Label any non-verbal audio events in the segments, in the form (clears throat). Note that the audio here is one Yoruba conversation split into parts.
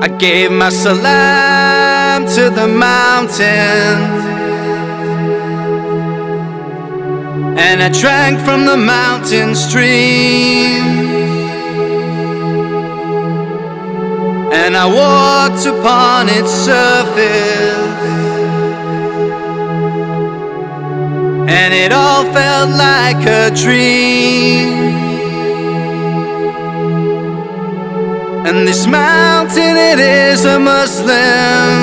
I gave my salam to the mountain. And I drank from the mountain stream. And I walked upon its surface. And it all felt like a dream. And this mountain, it is a Muslim.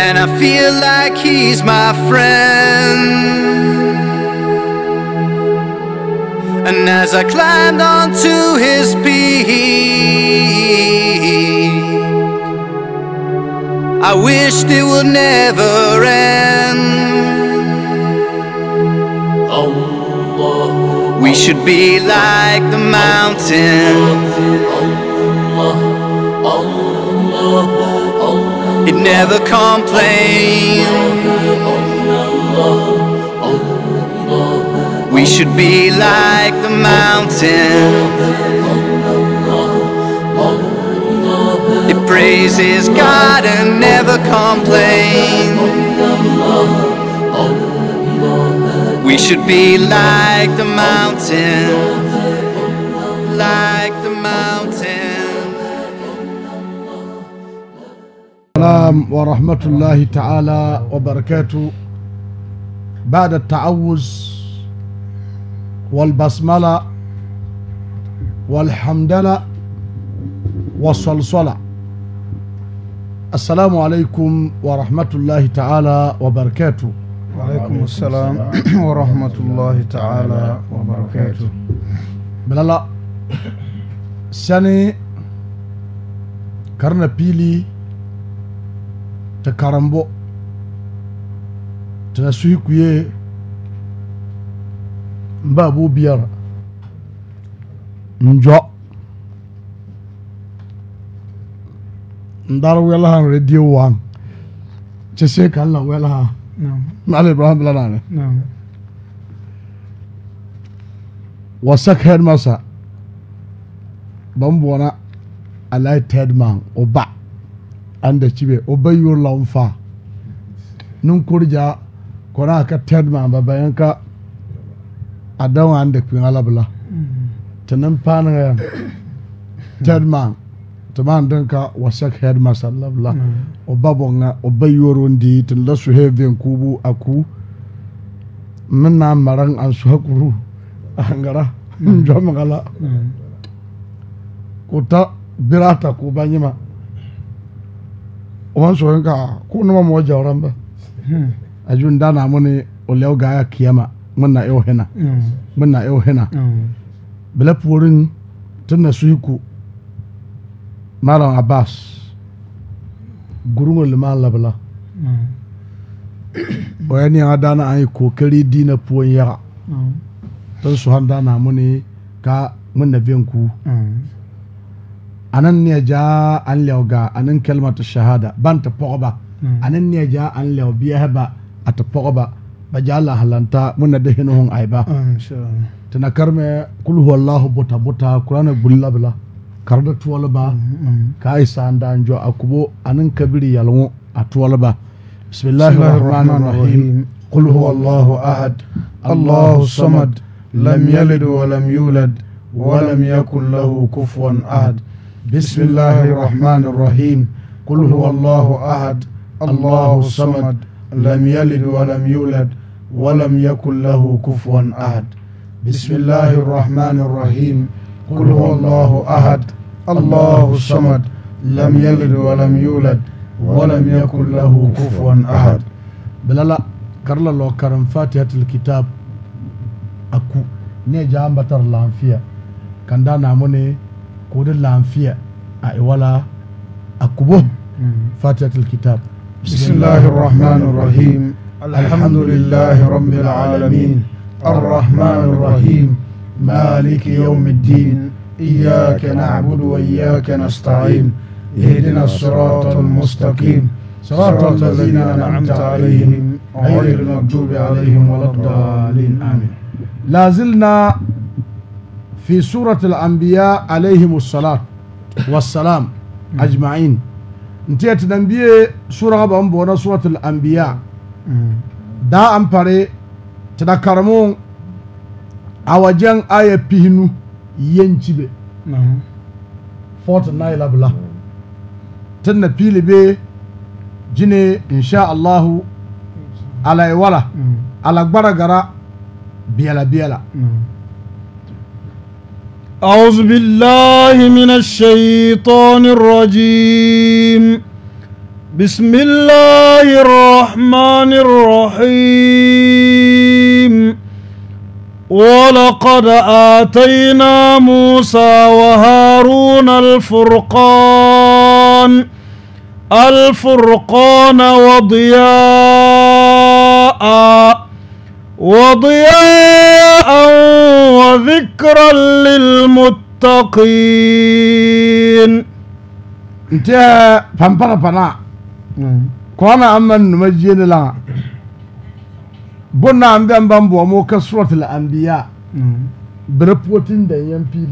And I feel like he's my friend. And as I climbed onto his peak, I wished it would never end. Oh. We should be like the mountain. It never complains. We should be like the mountain. It praises God and never complains. We should be like the mountain, like the mountain. السلام ورحمة الله تعالى وبركاته بعد التعوذ والبسملة والحمدلة والصلصلة السلام عليكم ورحمة الله تعالى وبركاته Waalaikumsalam (clears throat) warahmatullahi taala wabarakatuh. Balala Sani karena pili ta karambo ta suyi kuye babu biyar njo ndar welahan radio 1 cese kala welahan نعم مع الابراهيم لنا نعم wɔsɛkɛd ma sa bambɔna alai tɛd ma o ba anda cibe o ba yur la fa ninkurja kɔna ka tɛd ma ba bayan ka a dawa anda kpin ala mm-hmm. (coughs) tɩ maan dẽn ka wasak head master labla o ba e o ba yoorendi tɩ n la sosɛ vẽn kuubu a ku me na n marang n a ngara n zoamega la k'o ta birata k'o ba nyẽma o man sogen ka kʋʋnema mao jao rãmba a zũ n daana mo ne o lɛo gaaya kiyama ŋmẽnna y'o hẽna ŋmẽnna eo hena bɩ la puoriŋ tɩ n na susi ku malam abbas gurgun liman labla o ya ni hmm. an dana an yi kokari dina puwan yaga don su han dana muni ka mun na ku hmm. anan ne ja an lewga anan kalmatu shahada ban ta pogba hmm. anan ne ja an lew biya ba a ta pogba ba ja la halanta mun na da hinuhun aiba tana karme bota huwallahu buta buta qur'ana e bullabla karda tolba mm-hmm, mm-hmm. ka ayisa an daan akubo a kubo anin kabiri a tolba bismillahi قل هو الله أحد الله الصمد لم يلد ولم يولد ولم يكن له كفوا أحد بسم الله الرحمن الرحيم قل هو الله أحد الله الصمد لم يلد ولم يولد ولم يكن له كفوا أحد بسم الله الرحمن الرحيم قل هو الله أحد الله الصمد لم يلد ولم يولد ولم يكن له كفوا أحد بلالا كرلا لو كرم فاتحة الكتاب أكو نيجا أمبتر لانفيا كان دانا مني كود لانفيا ولا أكبو فاتحة الكتاب بسم الله الرحمن الرحيم الحمد لله رب العالمين الرحمن الرحيم مالك يوم الدين إياك نعبد وإياك نستعين اهدنا الصراط المستقيم صراط الذين أنعمت عليهم غير المغضوب عليهم ولا الضالين آمين لازلنا في سورة الأنبياء عليهم الصلاة والسلام أجمعين نتيت نبيه سورة بأمبونا سورة الأنبياء دا أمبري تذكرمون awɔgyɛn ayɛ pii no yie nkyibe fɔɔte nan labila te na piili bee gyine insha allahu alaiwala alagbara gara biɛla biɛla. أعوذ بالله من الشيطان الرجيم بسم الله الرحمن الرحيم ولقد آتينا موسى وهارون الفرقان الفرقان وضياء وضياء وذكرا للمتقين انت فنبرا فنا نعم. كوانا امن نمجين لها bonna an bɛn ban mo ka surat la anbiya mm-hmm. bere poɔ da yan pili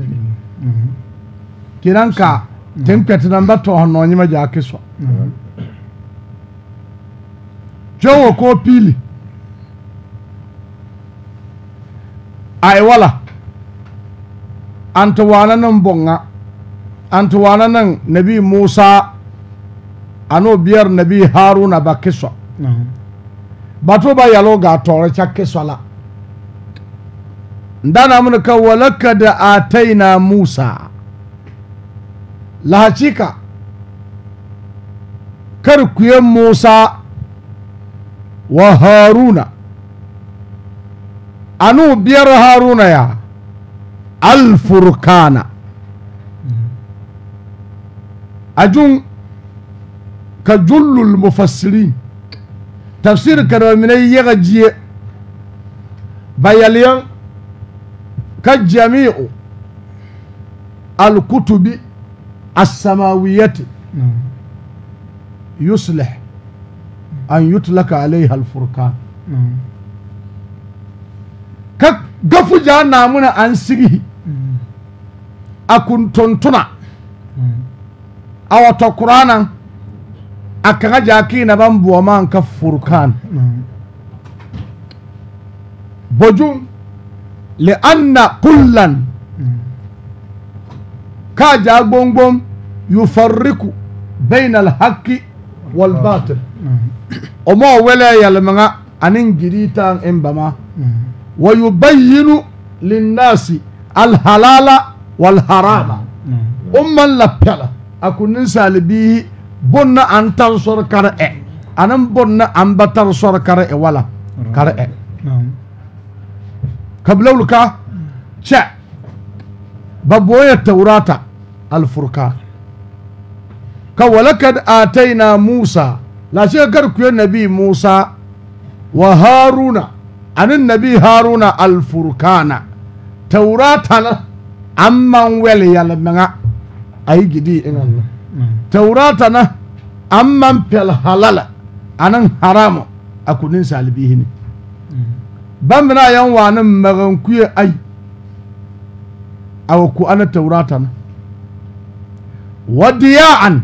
piili mm-hmm. ka tin kati na ba tɔɔhi nɔɔ nyima ja ke sɔ kyɛ mm-hmm. wo k'o a ayi wala an ti nan nin bɔnga an ti waana nin nabi musa ani o biyɛri nabi haruna ba ke sɔ. bato ba yalo ga tore chakke sala ndana mun ka walakad ataina musa la hakika kar kuye musa wa haruna anu biyar haruna ya alfurkana ajun ka jullul mufassirin tafsir kanoo mine yaga jie bayaliyan ka jamiicu alkutubi asamaawiyati yuslix an yutlaka alayha alfurkaan ka gafu jaa naamuna an sigihi a kun tontuna a wato kuraanan akaga jakina bambuwamanka furkan bojum lianna kullan ka ja gbongbom yufarriku baina alhaqi walbatil omo wele yalmaga anin jiritan imbama wa yubayinu linnasi alhalala walharama umman lappela akunin salibihi bonna an tan sor kar e anan bonna an batar sor kar e wala kar e kablawluka ce baboya taurata alfurka ka walakad ataina musa lashe garkuyen nabi musa wa haruna ani nabi haruna alfurkana taurata na amman wel yalmenga ayi gidi inan taurata na amman pel halala anan haramu a kudin salibihi ne ban mina yan wani magan kuye ai a ku ana taurata na wadiya'an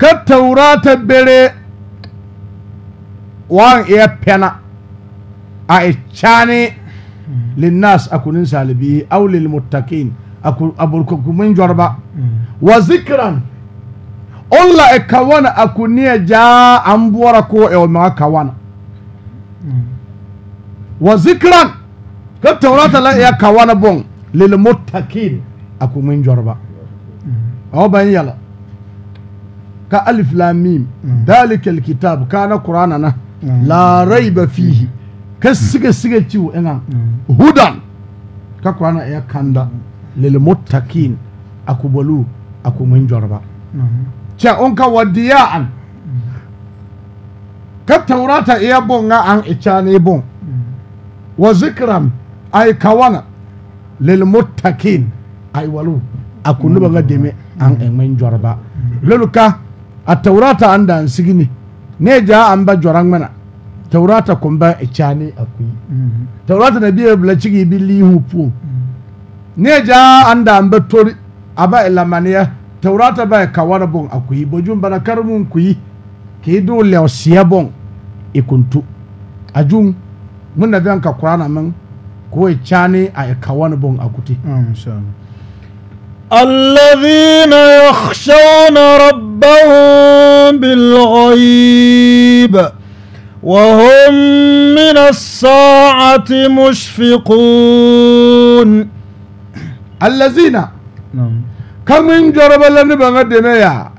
ka taurata bere wan iya pena a ichani linnas a kudin salibihi au lil muttaqin aburkukumin jorba hmm. wa zikran olla e kawana akuniya ja an bora ko e ma kawana hmm. wa zikran ka taurata la ya e kawana bon lil muttaqin akumin jorba hmm. aw ban yala ka alif lam mim dalika alkitab kana qur'ana na la raiba fihi ka siga siga ciwo ina hudan ka qur'ana ya e kanda mm lilmuttaqin akubolu akumin jɔrɔba cɛ on ka wadiya an ka taurata iya bon nga an icane bon wa zikram ay kawana lilmuttaqin ay walu akunuba nga deme an emen jɔrɔba loluka a taurata an dan sigini ne ja an ba jɔra ŋmana taurata kun ba icane akuyi mm-hmm. taurata na biya bila cigi bi lihu puo mm-hmm. ja anda amba tori aba ilamaniya taurata ba kawara bon akuyi bojum bana karmun kuyi ke do lew siya bon ikuntu ajum mun na ka qur'ana man ko e chani a kawana bon akuti الذين يخشون ربهم بالغيب وهم من الساعة مشفقون الذين نعم. كم من جرب لنا بغدنا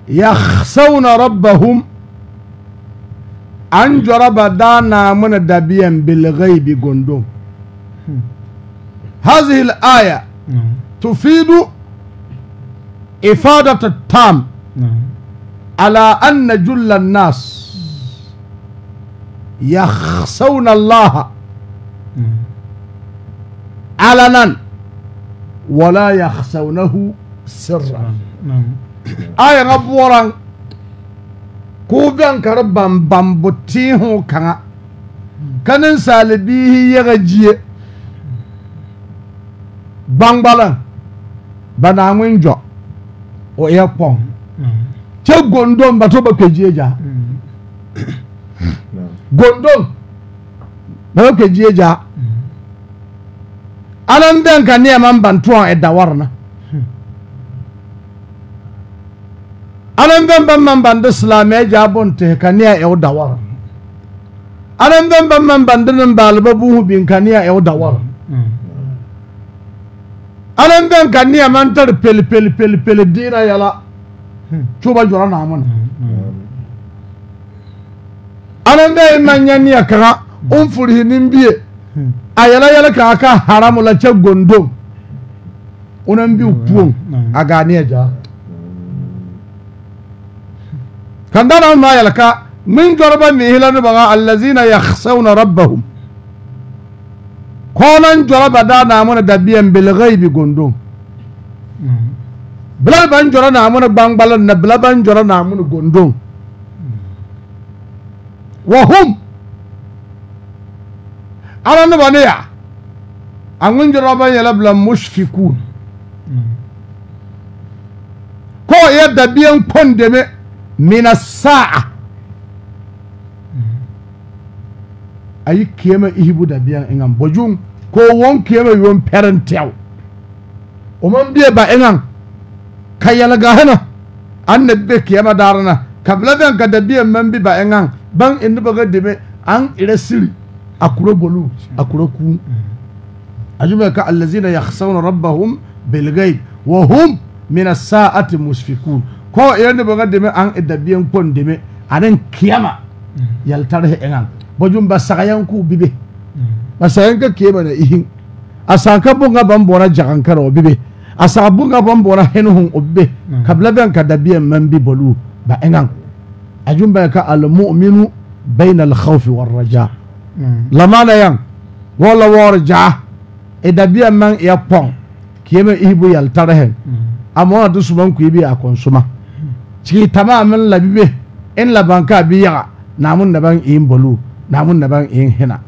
يخسون ربهم أن جرب دانا من دبيا بالغيب قندوم هذه الآية نعم. تفيد إفادة التام نعم. على أن جل الناس يخسون الله علنا wala yakhsawnahu sirran aya ŋa boɔraŋ k'o bɛŋ kari bambambo teehu kaŋa ka nensaalibiihi yaga gyie gbangbalaŋ ba naa ŋmen gyɔ o eɛ kpɔŋ kyɛ gondom ba to ba kpɛ gyie gyaa ba ba kpɛ gyie anan den ka nneɛma mbantoa ɛda ware no anan bɛn bɛn man ban de silamɛ gya bonte kanea ɛwɔ da ware anan bɛn bɛn man ban de ne mbaaliba buhu bin kanea ɛwɔ da ware anan bɛn kanea man tare peli peli peli peli diina yɛla tuba jɔra naamu na anan bɛn e man nyɛ neɛ kaŋa on furihi nimbie a yɛlɛ ka aka haramu la kyɛ gondo onan bi mm, puon mm, mm. a ganeɛ gyaa kan da nan ma yɛlɛ ka min jɔrɔba nihila ne baga allazina yakhsawna rabbahum kɔɔnan jɔrɔba daa naamuna dabiyan bilghaibi gondo bila ban jɔrɔ naamuna gbangbalin na bila ban jɔrɔ naamuna gondo wahum ana noba ne ya a ŋmengyɔrɔ ba yɛlɛ bila musfikun kɔɔ yɛ dabiɛ kpɔn deme mina saa ayi kiyama ihibu dabiɛ eŋan bɔjum ko wɔn kiyama yon pɛrɛn tɛw o man bie ba eŋan ka yɛlɛga hana an na be kiyama daarana kabila bɛn ka dabiɛ man bi ba eŋan ban e noba ka deme an erɛ siri akuro bolu akuro ku ajumɛ ka alazina yaxsawna rabbahum bilgayb wa hum mina saati musfikun ko yɛn de bɛ ka dɛmɛ an dabiɛn kpɔn dɛmɛ ani kiyama yalitarihi eŋan bɔjum ba sagayan ku bibe ba sagayan ka kiyama na ihin a saga bonga ban bɔra jagan o bibe a saga bonga ban bɔra hɛnuhun o bibe kabila bɛn ka dabiɛn man bi bolu ba eŋan ajumɛ ka almu'minu bayna alkhawfi warraja Lama mm. lamanayang wala war ja idabia e man e ya pon kiyeme ihibu yal tarahe mm. amona du suman ku ibi akonsuma ciki mm. tamamin labibe in labanka biya namun naban in bolu namun naban in hina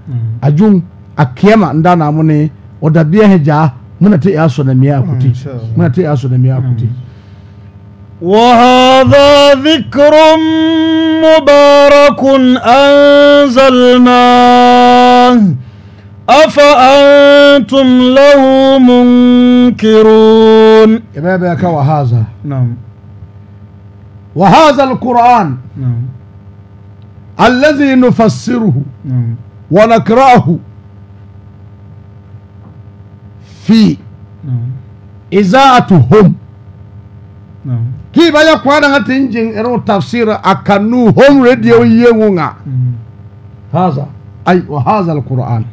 ajun akiyama nda namune odabiya ja muna ta yaso na e miya kuti muna ta yaso na miya kuti وهذا ذكر مبارك أنزلناه أفأنتم له منكرون إمامك وهذا نعم وهذا القرآن نعم الذي نفسره نعم ونقرأه في نعم إذاعتهم نعم kii baya kwa na jin njin ero a kanu home radio yengunga mm. haza ay wa haza alquran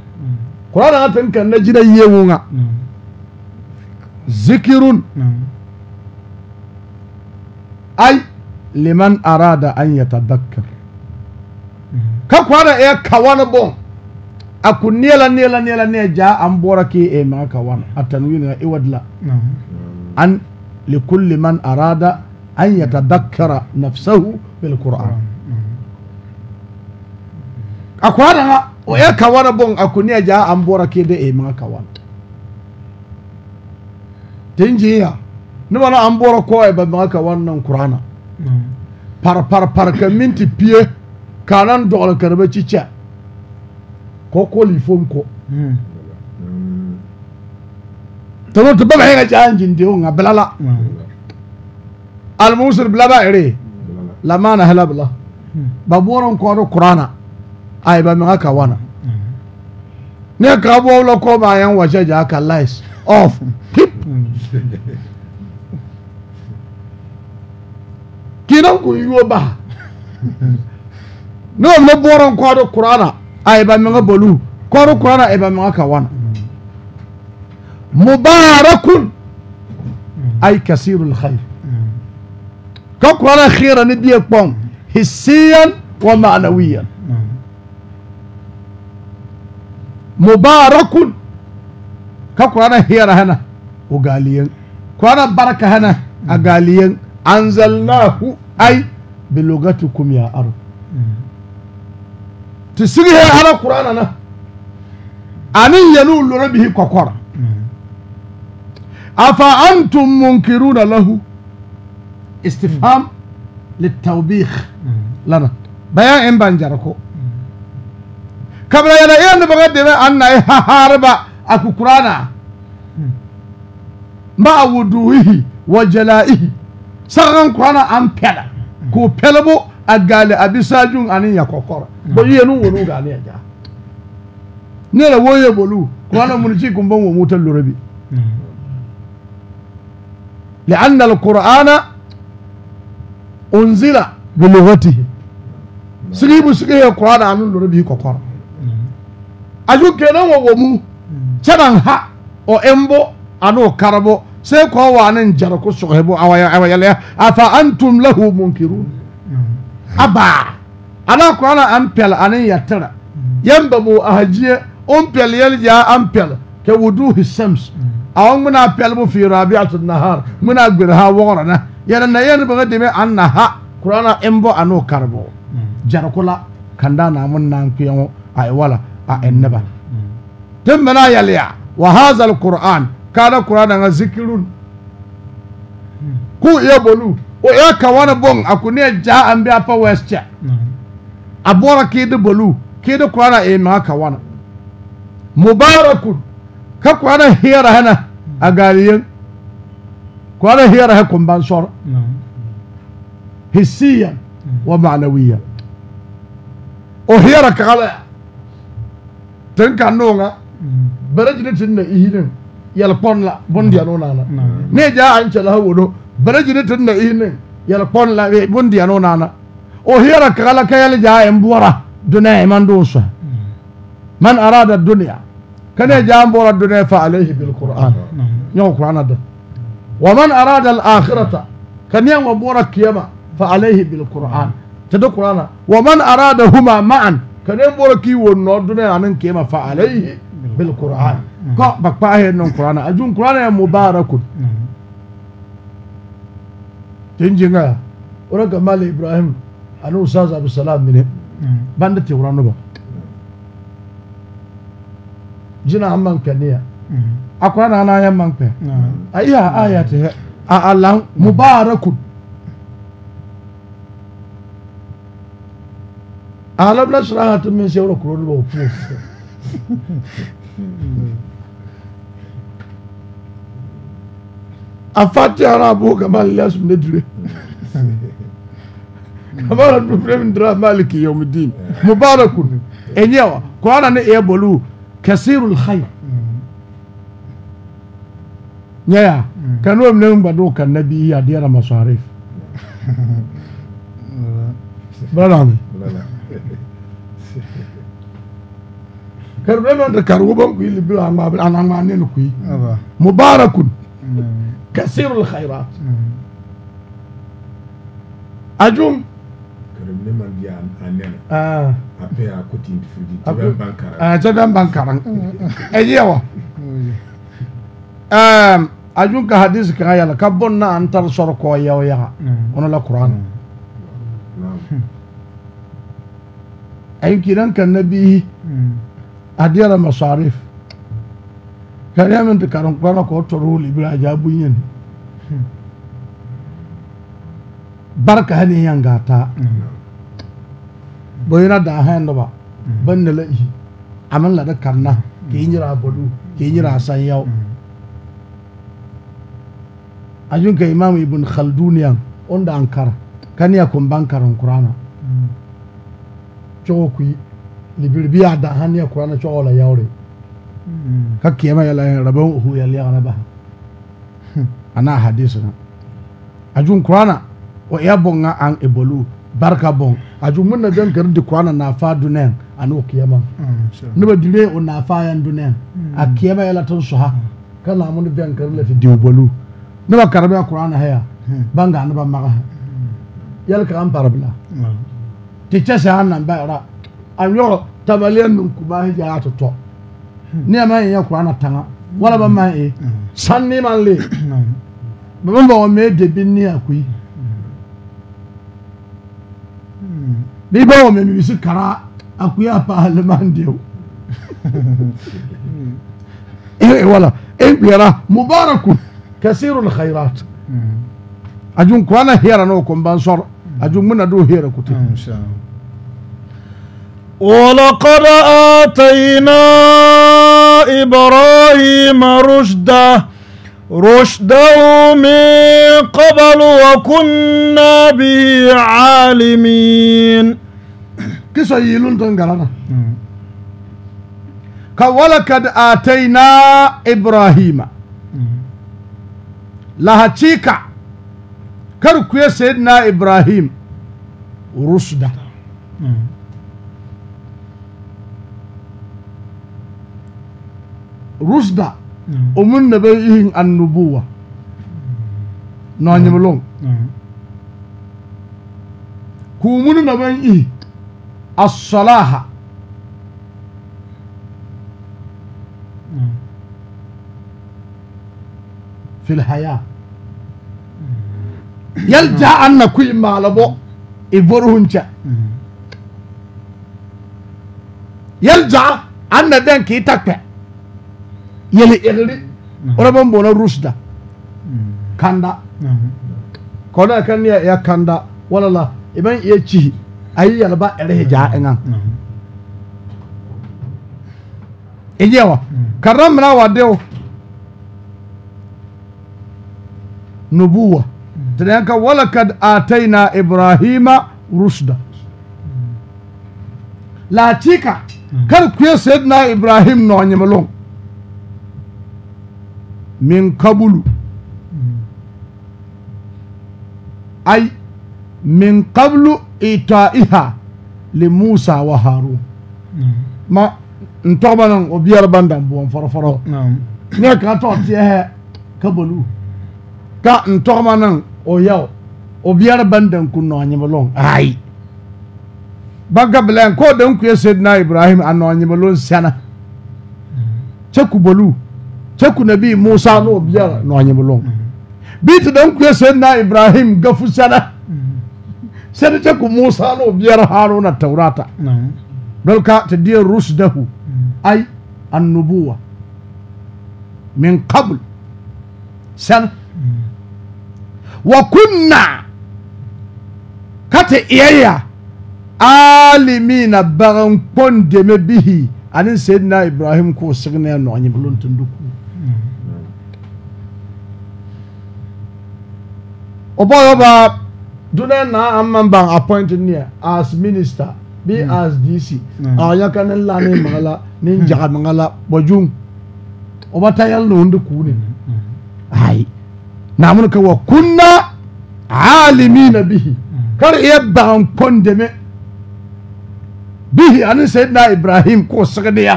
qur'an mm. ngati kan najira yengunga mm. zikirun ai liman arada an yatadhakkar ka da e kawana bon aku nela nela nela ne ja an bora ke e ma kawana atanwina iwadla e an likulli man arada أن يتذكر نفسه بالقرآن أكوانا ويكوانا بون أكوني جاء أمبورا كيدي إيما كوانا tinjiya noba na an bɔra kɔ e ba maŋa ka wannan kurana pare pare pare ka minti pie ka nan dɔgele ka ba ci kyɛ kɔ kɔli fom kɔ tɔnɔ te ba ba hɛ ka kyɛ an jindi o ŋa bela la almusir bilaba ere lamana halabla babuwaron kwado qur'ana ay ba miga kawana ne ka bo lo ko ba yan waje ja ka lies off kinan ku yiwo ba ne ne boron kwado qur'ana ay ba miga bolu kwado qur'ana ay ba miga kawana mubarakun ay kasirul khair انا خيرا ندي بوم حسيا ومعنويا مبارك انا خيرا هنا وقاليا كوكولا بركة هنا أقاليا أنزلناه أي بلغتكم يا أرض تسيري على القرآن أنا أن ينول ربه كوكولا أفأنتم منكرون له استفهام للتوبيخ لنا بيان إن بانجاركو قبل يلا إيه نبغد أن هاربا أكو قرانا ما ودوه وجلائه سغن قرانا أم بيلا كو بيلبو أقال أبي ساجون أني يكوكورا بيينو ونوغ أني أجا نيرا ويه بولو قرانا منجي كمبان وموتل ربي لأن القرآن unzila bilughatihi sigi mu sigi yɛ kura na anu lori bi kɔkɔrɔ aju kenan wɔ wɔ mu kyɛnɛ ha ɔ ɛnbo ani o karibɔ se kɔ wa ne njɛri ko sɔgɔbɔ awayɛlɛ afa an tun lahu munkiru aba ana kura na an pɛli ani yatira yɛn bɛ bo ahajie on pɛli yɛli jɛ an pɛli kɛ wudu hisams awon ŋmenaa pɛli mu fiiri abi ati nahar ŋmenaa gbiri ha wɔgɔrɔ na yɛrɛnɛyɛ ne bɛka deme an na ha kurana n bɔ a n'o kari bɔ mm. jariko la ka n da naamu naan kpeɛ ŋo a e wala a e neba te mɛna yɛliya wa hazal kur'an kaana kur'an ŋa zikirun mm. k'u yɛ bolu o yɛ ka wani bɔŋ a ko ne jaa an bɛ a pa wɛs cɛ mm. a bɔra k'i de bolu k'i de kur'an e ma ka mubarakun ka kur'an hiyara hana a gaaliyen كوالا هي راهي كومبانسور نعم. حسيا نعم. ومعنويا وهي راك غلا تنكا نونغا برجل تنا إيهنا بون لا بنديا نعم. نونانا نجا أنت الله ودو برجل تنا إيهنا بون لا بنديا نونانا وهي راك كالا كيال جاء امبورا دنيا من دوسا من أراد الدنيا كان جاء امبورا الدنيا فعليه بالقرآن يوم القرآن ده ومن أراد الآخرة كان يوم بورا كيما فعليه بالقرآن تدو قرآن ومن أرادهما معا كان يوم بورا كي دنيا عن كيما فعليه بالقرآن كو نعم. بقباه إنه قرآن أجون قرآن مبارك تنجينا ورقا مال إبراهيم أنو ساز أبو السلام منه نعم. بندتي قرآن نبا جنا عمان كان akwara na ana anya mma nkpɛ ayi a aya te hɛ a alan mubarakun alabla sura ha te min se wɔrɔ kuro lɔ o puo fɛ afati ara abo kama lila sun ne dire kama la dubire min dira maali kiyomidin mubarakun enyewa kɔɔna ne eɛ bolu kasirul khayi nyaya kanu wa mnemu bado kana bi ya diara masarif bala me karbe non da kargo ban ku ili bila ma ana ma ne ku mubarakun كثير الخيرات أجوم كرمنا من بيان أنينا آه أبي أكوتين فيدي تبان بانكاران آه تبان بانكاران أيوة أم ajunka hadisi kaŋa yala ka bon na antar tar sor ko yaw yaga hmm. ono la qur'an hmm. hmm. ay kiran kan nabihi adiyara masarif kariya min karon kwana ko toru libra jabu yin barka hani yanga ta boyina da han no ba ban la aman la da kanna ke yira bodu ke yira san yaw ajunka imam ibn khalduniyan onda ankara kani akon bankara kurana cogo kui libirbi da hani kurana cogo la yawre hmm. ka kiyama yala rabu hu yali yana ba ana (laughs) hadisuna ajun kurana wa ya bonga an ebolu barka bon ajun munna dan kar di kurana na fa dunen anu kiyama hmm, ne dire o na fa yan dunen hmm. a kiyama yala ton suha kana mun dan kar la fi diubolu noba ka di bɛ kur'ana haya ban gaa ni ba maɣasi yɛli ka an pari bila ti chɛ shɛŋa nan bayira a nyɔɣu tabalen nim kumaahi yaa ti tɔ mm. neɛ man yɛn kur'ana taŋa wala ba man e mm. san ni man le mm. ba ban bɔŋɔ mɛ de bin ni a kui bi bɔŋɔ mɛ bibisi kara a kui a paali man dew (laughs) eh, eh, wala e eh, kpɛra mubarakun كثير الخيرات أجون كوانا هيرا نوكم بانصر أجون منا دو هيرا كتير إن شاء الله ولقد آتينا إبراهيم رشده رشده من قبل وكنا به عالمين كيسا يلون تنقلنا ولقد آتينا إبراهيم lahatika kar ku ya ibrahim rusda rusda omun na bai ihin annubuwa na nyimlon kumun na bai ihi as-salaha في الحياه (coughs) yalja anna kuyi maalabo i e mm-hmm. yalja anna den kii takpe yeli igri mm-hmm. oraban bona rusda mm-hmm. kanda kona kan ya kanda walala iban e iya cihi ayi yalba erehe jaa e eŋan ijewa karamna wadeo nubuwa tunayanka walakad ataina ibrahima rushda latika kar kuye sayyidina ibrahim no min kabulu ay min kabulu itaiha li musa wa harun ma ntɔgba nan o biyar bandan buwan farfaro ne ka tɔ tiɛ ka ka ntɔgba nan ɔyɛ o obiara bɛ ndanku na ɔnyimolon ayi baka bilɛn k'o de nkue dina ibrahim ana ɔnyimolon sɛnɛ kyɛ bolu, kyɛ nabi musa na obiara na ɔnyimolon bii ti de nkue sedina ibrahim gafu sɛnɛ sɛnɛ kyɛ musa na obiara haaro na tawurata dɔlka te deɛ rusdahu ayi annubuwa min kabul, sɛnɛ wakunna kate iyayya alimina bagan kpon deme bihi ani sayyidina ibrahim ko signe no anyi bulun tunduku obo yoba dunan na amman ban appoint ne as minister be mm. as dc hmm. anya kanin la ne la nin jaga mangala bojun oba tayal no nduku ne hmm. hmm. ai mm. na mun ka wa kunna alimina bihi kar iya ban kon deme bihi anin sayyidina ibrahim ko sagadiya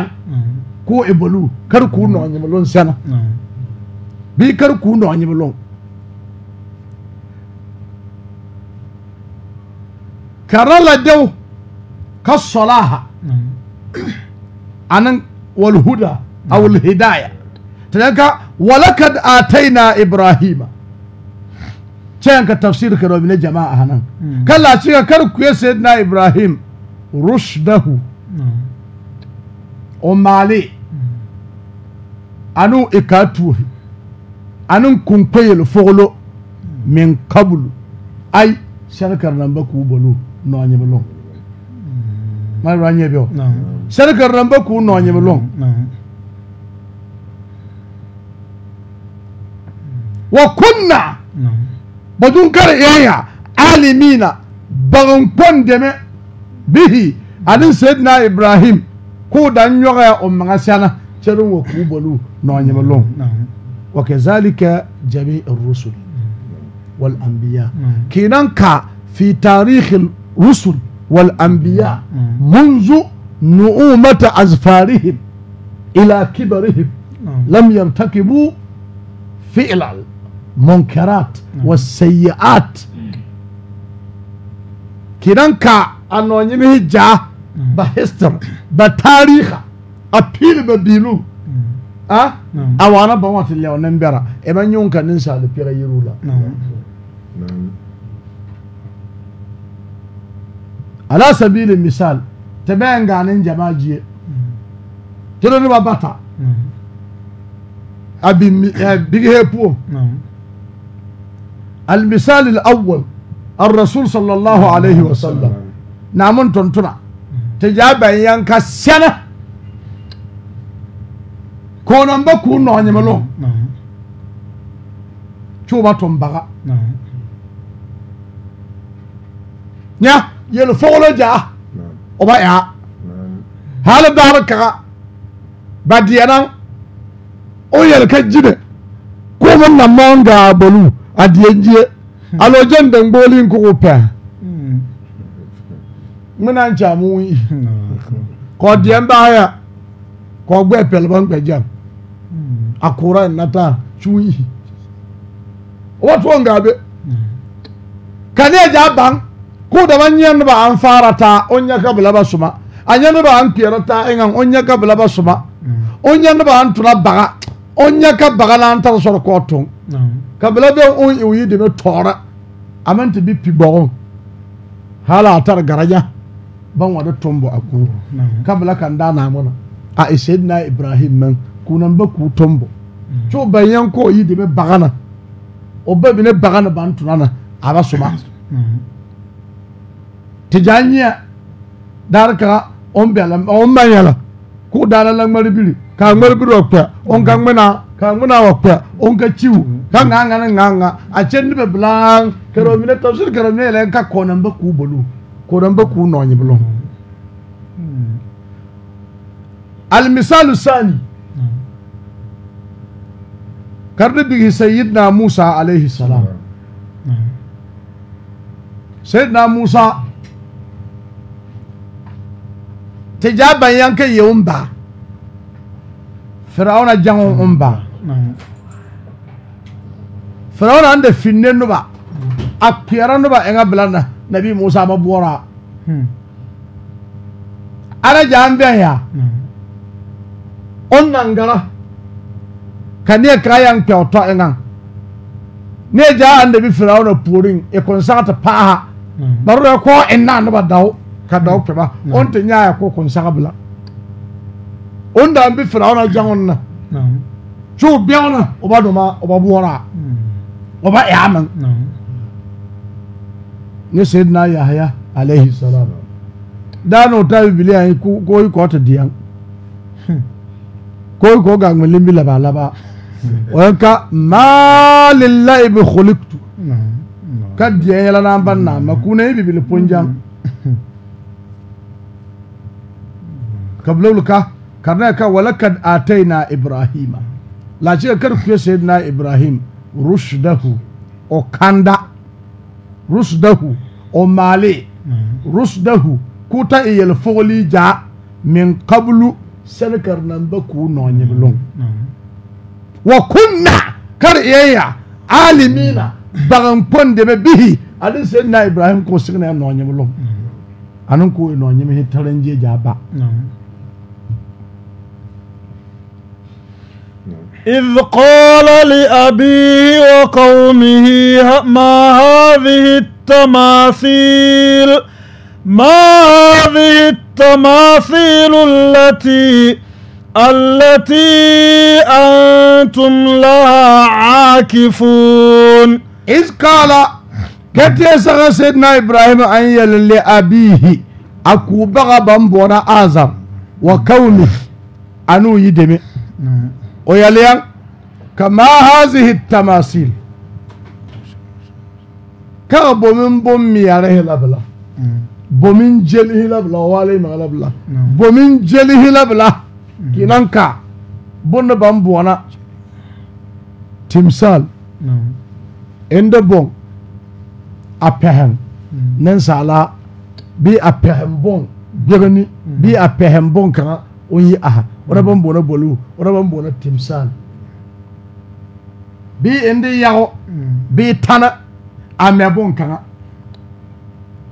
ko ibolu kar ku no nyimalon sana bi kar ku no nyimalon karala dew ka salaha anan wal huda hmm. aw al hidayah tanaka walakad ataina ibrahima cayan ka tafsir ka robine jama'a hanan hmm. kala cika kar kuye sayyidina ibrahim rushdahu hmm. o maale hmm. anu ikatuhi anu kunkoyel fogolo min kabulu ay sarkar nan ba ku bolo no anyi bolo ma ro anyi biyo sarkar nan kunna badunkar yaya alimina bagankpon deme bihi ani sayidina ibrahim k'o da nyɔgɛ o maŋa sɛna kyɛrɛ wa k'u bolu nɔɔnyɛmɛlɔn wa kazalika jami rusul wal anbiya kinan ka fi tarihi rusul wal anbiya munzu nu'umata azfarihim ila kibarihim lam yartakibu fi'lal munkarat wasayiat kidanka anoonyimihi jaa ba history ba taariikha apiili ba biiluu a awaana ba wati lɛo nembɛra ɛma nyunka ninsaali pɛga yiruu la ala sabili misal te bɛɛ ngaa nin jamaa jie tiri noba bata a bi المثال الأول الرسول صلى الله عليه وسلم نامن تنتنا تجاب ينكا سنة كونان بكو نعني ملو شو باتون بغا نعم يلو فولو وبا يا هل دار كغا بدينا او يلكا جده كومن نمان غابلو adeɛgyeɛ alogye ndɛngbooli nkoko pɛ ŋmenaa nkyamu yi kɔɔdeɛ mbaaya kɔɔgbɛ pɛlɛbɛ nkpɛgyam akora nnata tui wɔtoɔ ngaabe kaneɛ gyaa ban kó dama nyɛ noba an faara taa o nyɛ ka bilaba suma a nyɛ noba an kpeɛrɛ taa eŋa o nyɛ ka bilaba suma o nyɛ noba an tona baga o nyɛ ka baga n'an tara sɔrɔ k'o kabila bɛ un iwu yi deme tɔɔra a man ti bi pi bɔgɔ hali a tari garaja ban wa bɔ a kuru kabila kan da naa mɔna a eseyid na ibrahim mɛn kuna n bɛ k'u tɔn bɔ tí o bɛn yɛn ko yi deme bagan na o bɛɛ bi ne bagan na ban tuna na a ba suma mm-hmm. tijan nyɛ daari kaŋa on bɛlɛ yɛlɛ ku dana la ngmari biri ka ngmari biri wakpa on ka ngmena ka ngmena wakpa on ka chiu ka nganga na nganga a chen be blang kero mine tafsir kero mine le ka kona mba ku bolu kona mba ku no nyi bolu al misal sani karde musa alayhi salam sayyidna musa tija banyanke ye n ba firawuna jango n mm-hmm. ba mm-hmm. firawuna n de finne noba a kpeɛra noba eŋa bila na nabi musa ma boɔra mm-hmm. ana jaa n bɛn ya on nangara ka neɛ kaa yɛn kpɛ o tɔ eŋa neɛ jaa an de bi firawuna puoriŋ e kɔn sãã paaha bari dɛ kɔɔ e naa noba dao kada mm. opema mm. onte nyaa ko kon sagabla onda mbi firawna jangonna so biawna oba doma oba buwara mm. oba yaman ne sayyidina yahya alayhi salam dano ta bibiliya ko yi ko ta diyan ko yi ko ga ngulin bi laba laba wanka hmm. ma lillahi bi khuliqtu kad diyan yala nan banna hmm. makune bi bil punjam hmm. (laughs) kablawluka karna ka walakad ataina ibrahima lachiga kar kuya sayyidina ibrahim rushdahu o kanda rushdahu o mali rushdahu kuta iyel fogli ja min qablu sadakar nan ba ku nonyiblon mm-hmm. mm-hmm. wa kunna kar iyaya alimina bagan pon bihi ade sayyidina ibrahim ko signa nonyiblon mm-hmm. anan ko nonyimi taranje ja ba إذ قال لأبيه وقومه ما هذه التماثيل ما هذه التماثيل التي التي أنتم لها عاكفون إذ قال كتي سيدنا إبراهيم أن يلل لأبيه أكو بغبا بونا آزم وكونه أنو يدمي نعم. oyaleyan kama hazihi tamasil kaa bomin bon miyare hilabla bomin jeli hilabla wale magalabla bomin jeli hilabla kinan ka bonda ban buwana timsal inda bon a pɛhɛn nensaala bi a pɛhɛn bon gbegni bi a pɛhɛn bon kaŋa o yi aha wona bono bolu wona bono timsal bi indi yago bi tana a mɛ bon kaŋa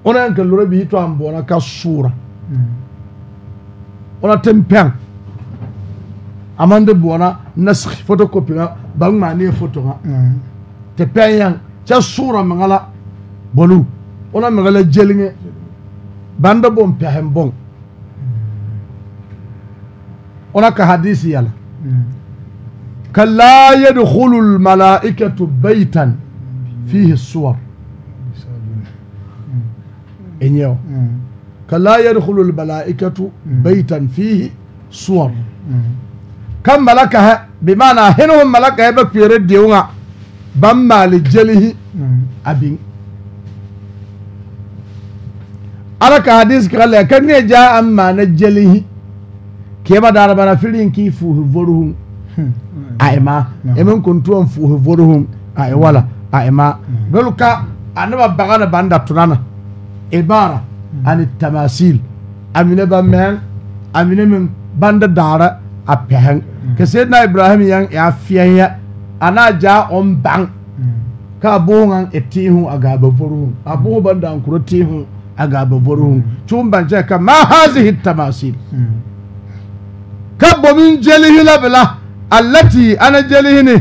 ona ka lora bi to an bona ka sura ona tempen amande bona nasakh photocopy na bang ma e photo ga te pen yang cha sura mangala bolu ona mangala jelinge banda bon pehem bon هناك حديث يلا كلا يدخل الملائكة بيتا فيه الصور إنيو كلا يدخل الملائكة بيتا فيه صور كم ملكة بمعنى هنهم ملكة يبقى في رد يونا بما لجله أبين أنا كحديث قال لك كن جاء أما نجله kieba dara bana filin ki fu voruhum hmm. a ema hmm. emen kontuwa fu voruhum a ewala a ema beluka hmm. anaba bagana banda tunana ibara e ani tamasil amine ba men amine min banda dara a pehen ke sayyidina ibrahim yan ya fiyan ya ana ja on bang ka bohun e etihu aga baboruhum abu banda ankuro tihu aga baboruhum chumban je ka ma hazihi tamasil mm kabbo min jelihi labila allati ana jelihi ni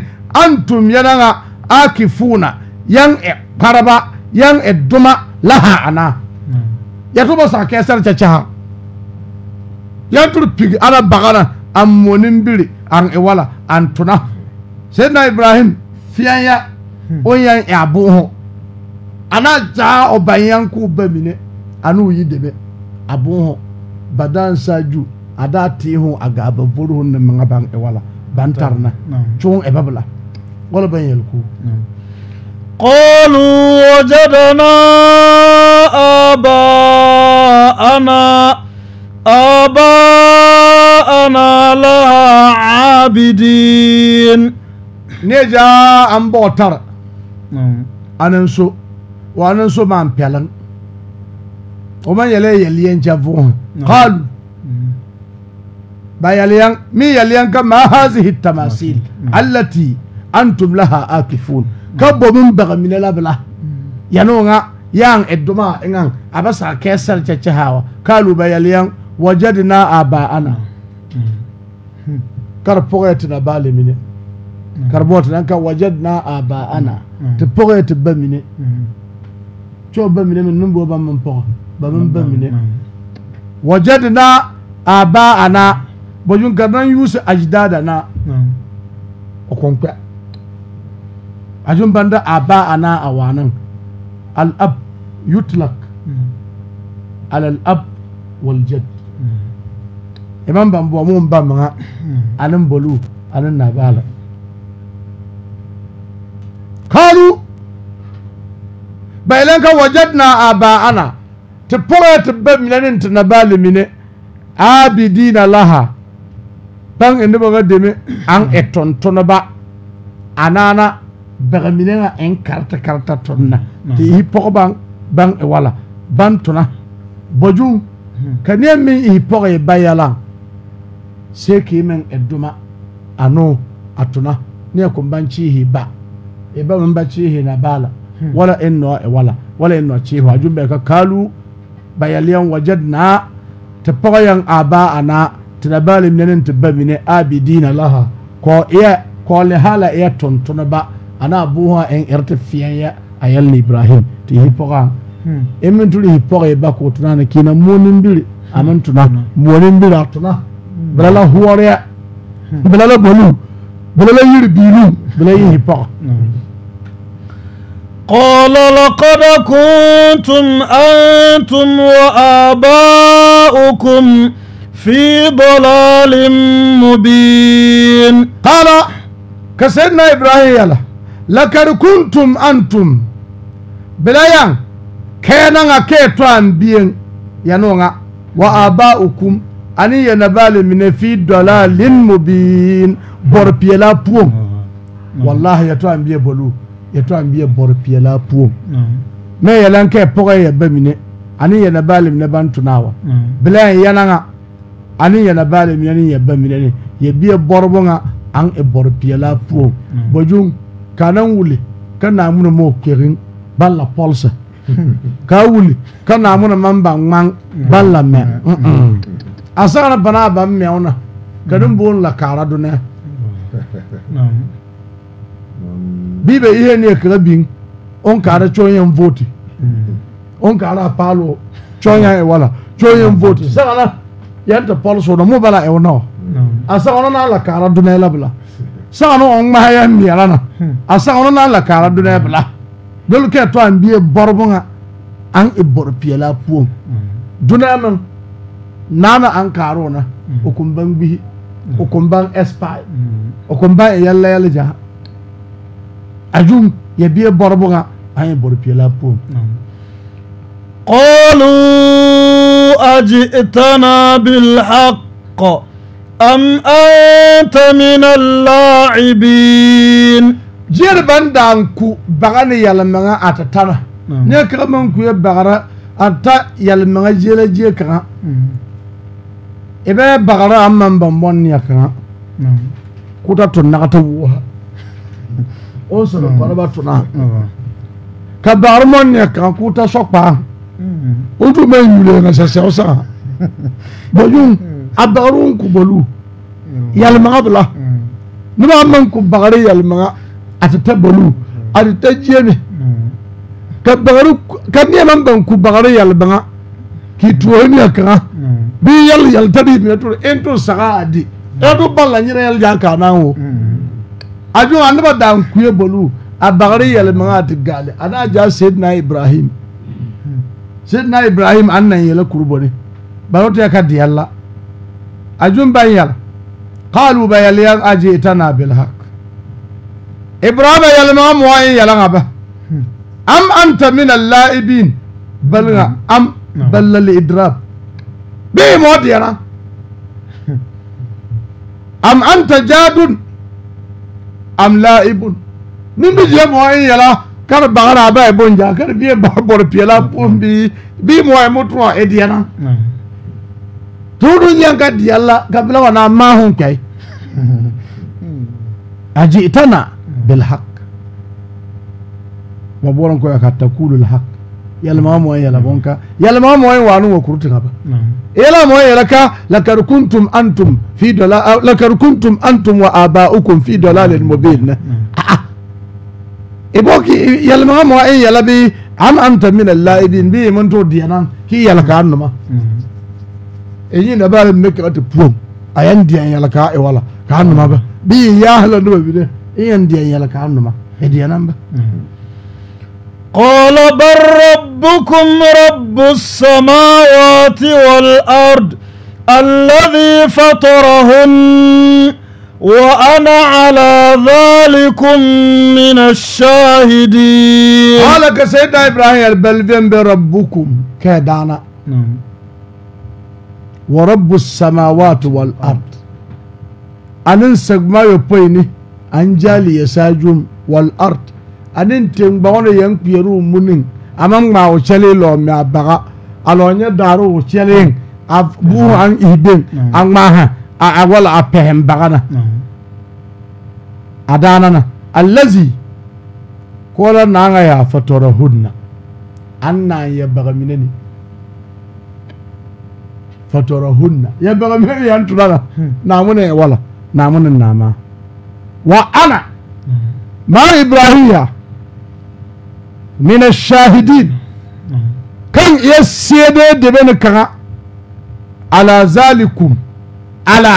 antum yananga akifuna yang e paraba yang e duma laha ana hmm. yatubo sa kesar chacha yatur pig ana bagana amonin biri an iwala e an sayyidina ibrahim fiyan ya hmm. onyan e abu ana ja obanyan ku ba mine anu yi debe abu badan saju ada tihu aga buru ne mangabang bang e wala bantarna chung e babla wala ban ku qalu wajadna aba ana aba ana la abidin neja ambotar botar anan so wa so man pelan o man yele yeliyen javu qalu bayaliang mi yaliyan ka ma hazihi tamasil antum laha akifun ka bo min baga min bla yang eduma ngan abasa kesar cece hawa kalu bayaliyan aba abaana kar poget na bale mine kar bot nan ka wajadna abaana te poget ba mine cho ba mine min numbo ba min pogo ba min ba mine wajadna abaana but you can not use ajdada na ọkọnkwa hmm. ajumban da aba ana awanan al'ab yutlak hmm. al'ab wal jad hmm. imam ban bo mun ban mga anan bolu anan nabala kalu bayan ka wajadna aba ana ti pore ti bamina ni ti nabali baŋ e noba ka deme aŋ e tontoneba anaana naana bɛgɛ mine ŋa eŋ kareta kareta tonna te ihi pɔge baŋ baŋ e wala baŋ tona bɔjuŋ mm-hmm. ka neɛ meŋ ihi pɔge e ba yɛlaŋ see k'e meŋ e duma anoo a tona neɛ kɔŋ baŋ kyiihi ba e ba meŋ ba kyiihi na baa la hmm. wala e nɔɔ e wala wala e nɔɔ kyiihi a juŋ bɛ ka kaaluu ba yɛleɛŋ wajɛd naa te pɔge yɛŋ a baa a tenabaale mine ne nteba mine abidina laha kɔɔ eɛ kɔɔle hala eɛ tontoneba anaa buuha en erte fiɛnyɛ ayɛl ne ibrahim te hipɔga hmm. emin tuli hipɔga eba ko tona ne kina muonimbiri amin tona muonimbiri hmm. a tona hmm. bilala huwariya bilala bolu bilala yiri biilu bilala yi hipɔga قال لقد كنتم أنتم وآباؤكم fi dalalin mubin qala ka seydna ibrahim yala lakad kuntum antum bila yaŋ kɛɛnaŋa kɛɛ tɔ an biyeŋ yanoŋa wa aba'ukum ani yanabaale mine fi dalalin mubin bɔrpeɛlaa puoŋ ah, ah. wallahi yɛtɔ an bie bolu yɛtɔ an bie bɔrpeɛlaa puoŋ ah. mɛ yɛlɛŋ kɛɛ pɔgɛ yɛ ba mine ani yanabaale mine baŋ tunaa wa bila yaŋ ane yɛna baale mine ne yɛ ba mine ne yɛ bie bɔrebo aŋ e bɔre peɛlaa poɔŋ mm. bojuŋ ka naŋ wuli ka naamune mɔ kpegiŋ baŋ la pɔlsa (laughs) kaa wuli ka naamune maŋ ba ŋmaŋ baŋ la mɛ mm. a sagna banaa baŋ mɛo na ka neŋ mm. boon la kaara donɛ bii be ihe neɛ kaŋa biŋ oŋ kaara kyɔŋ yɛŋ vooti oŋ kaara a paaloɔ kyɔŋ yɛŋ e wala kyɔŋ yɛŋ vooti sagna yɛnte pɔl so no mu bala ɛwo no asa ɔno na alakaara do na ɛlabla saa no ɔn ŋmaa yɛ mmeɛra na asa ɔno na alakaara do na ɛbla dolu kɛ to an bie bɔrɔbo ŋa an e bɔrɔ peɛla puom do na naana an kaaro na o kun ban gbihi o kun ban ɛspai o kun ban e yɛlɛ yɛlɛ jaa a jun yɛ bie bɔrɔbo ŋa an e bɔrɔ peɛla puom. قالوا أجئتنا بالحق أم أنت من اللاعبين جير بندانكو بغاني يلمنا أتتنا نعم. نيكرا منكو يبغرا أتا يلمنا جيلا جيكرا إبا بغرا أمان بمبون يكرا نعم. كوتا تنغتوها أوصل بغرا تنغتوها ka baɣari mɔni ne kan k'u ta sɔ wotu mɛ nyule na sɛsɛ wosa bɔnyu abɛru nkubɔlu yalimaga bila ne b'a mɛ nkubagari yalimaga a ti tɛ bɔlu a ti tɛ diɲɛ de ka bagari ka n'i yɛrɛ mɛ nkubagari yalimaga k'i tuwɔ ni a kaŋa bi yali yali tɛ di minɛ toro e to saga a di e to ba la ɲinɛ yali jan kan na o a dun a ne ba dan kuye bɔlu a bagari yalimaga a ti gaale a n'a ja Seydina Ibrahim sidna ibrahim an nan yela kurboni barote ka diyalla ajum bayal qalu bayal yan ajitana bil haqq ibrahim yal ma mo ay yala ngaba am anta min al laibin balga hmm. am balla al idrab bi mo diyana am anta jadun am laibun nindu je mo ay yala kar bagara aba e bonja kar bie ba bor piela pombi bi mo e mutro e diana mm. tudu nyanga diala kabla wana ma hun kai mm. aji itana mm. bil haq wa boron ko ka takulu al haq yalla ma mo e yalla bonka yalla ma mo e wanu wa kurtu kaba yalla mo e yalla ka lakar kuntum antum fi dalal lakar kuntum antum wa abaukum fi dalalin mubin ah, ah iboki yalma mo ay e yala bi am anta min al-laibin bi man to dianan ki yala ka annuma mm-hmm. eyi na bare ne kra te puom ayan dian yala ka e wala ka annuma ba bi ya hala no bi de iyan e dian yala ka annuma e dianan ba قال بل ربكم رب السماوات والأرض الذي فطرهن وأنا على ذلكم من الشاهدين قال كسيدنا إبراهيم بلبين بربكم كدانا ورب السماوات والأرض أنن سجما يبيني أنجالي يساجم والأرض أنن تنبغون ينقيرو منين أمام ما وشلي لو ما بغا ألو نيدارو وشلين أبوه عن إيدين أمامها أول أبهم بغنا نعم. أداننا الذي أنا نعى فترهن أن يبغى منني فترهن يبغى مني أن ترى نامون ولا نامون النامة وأنا ما إبراهيم من الشاهدين نعم. كان يسيد دبنك على ذلكم ala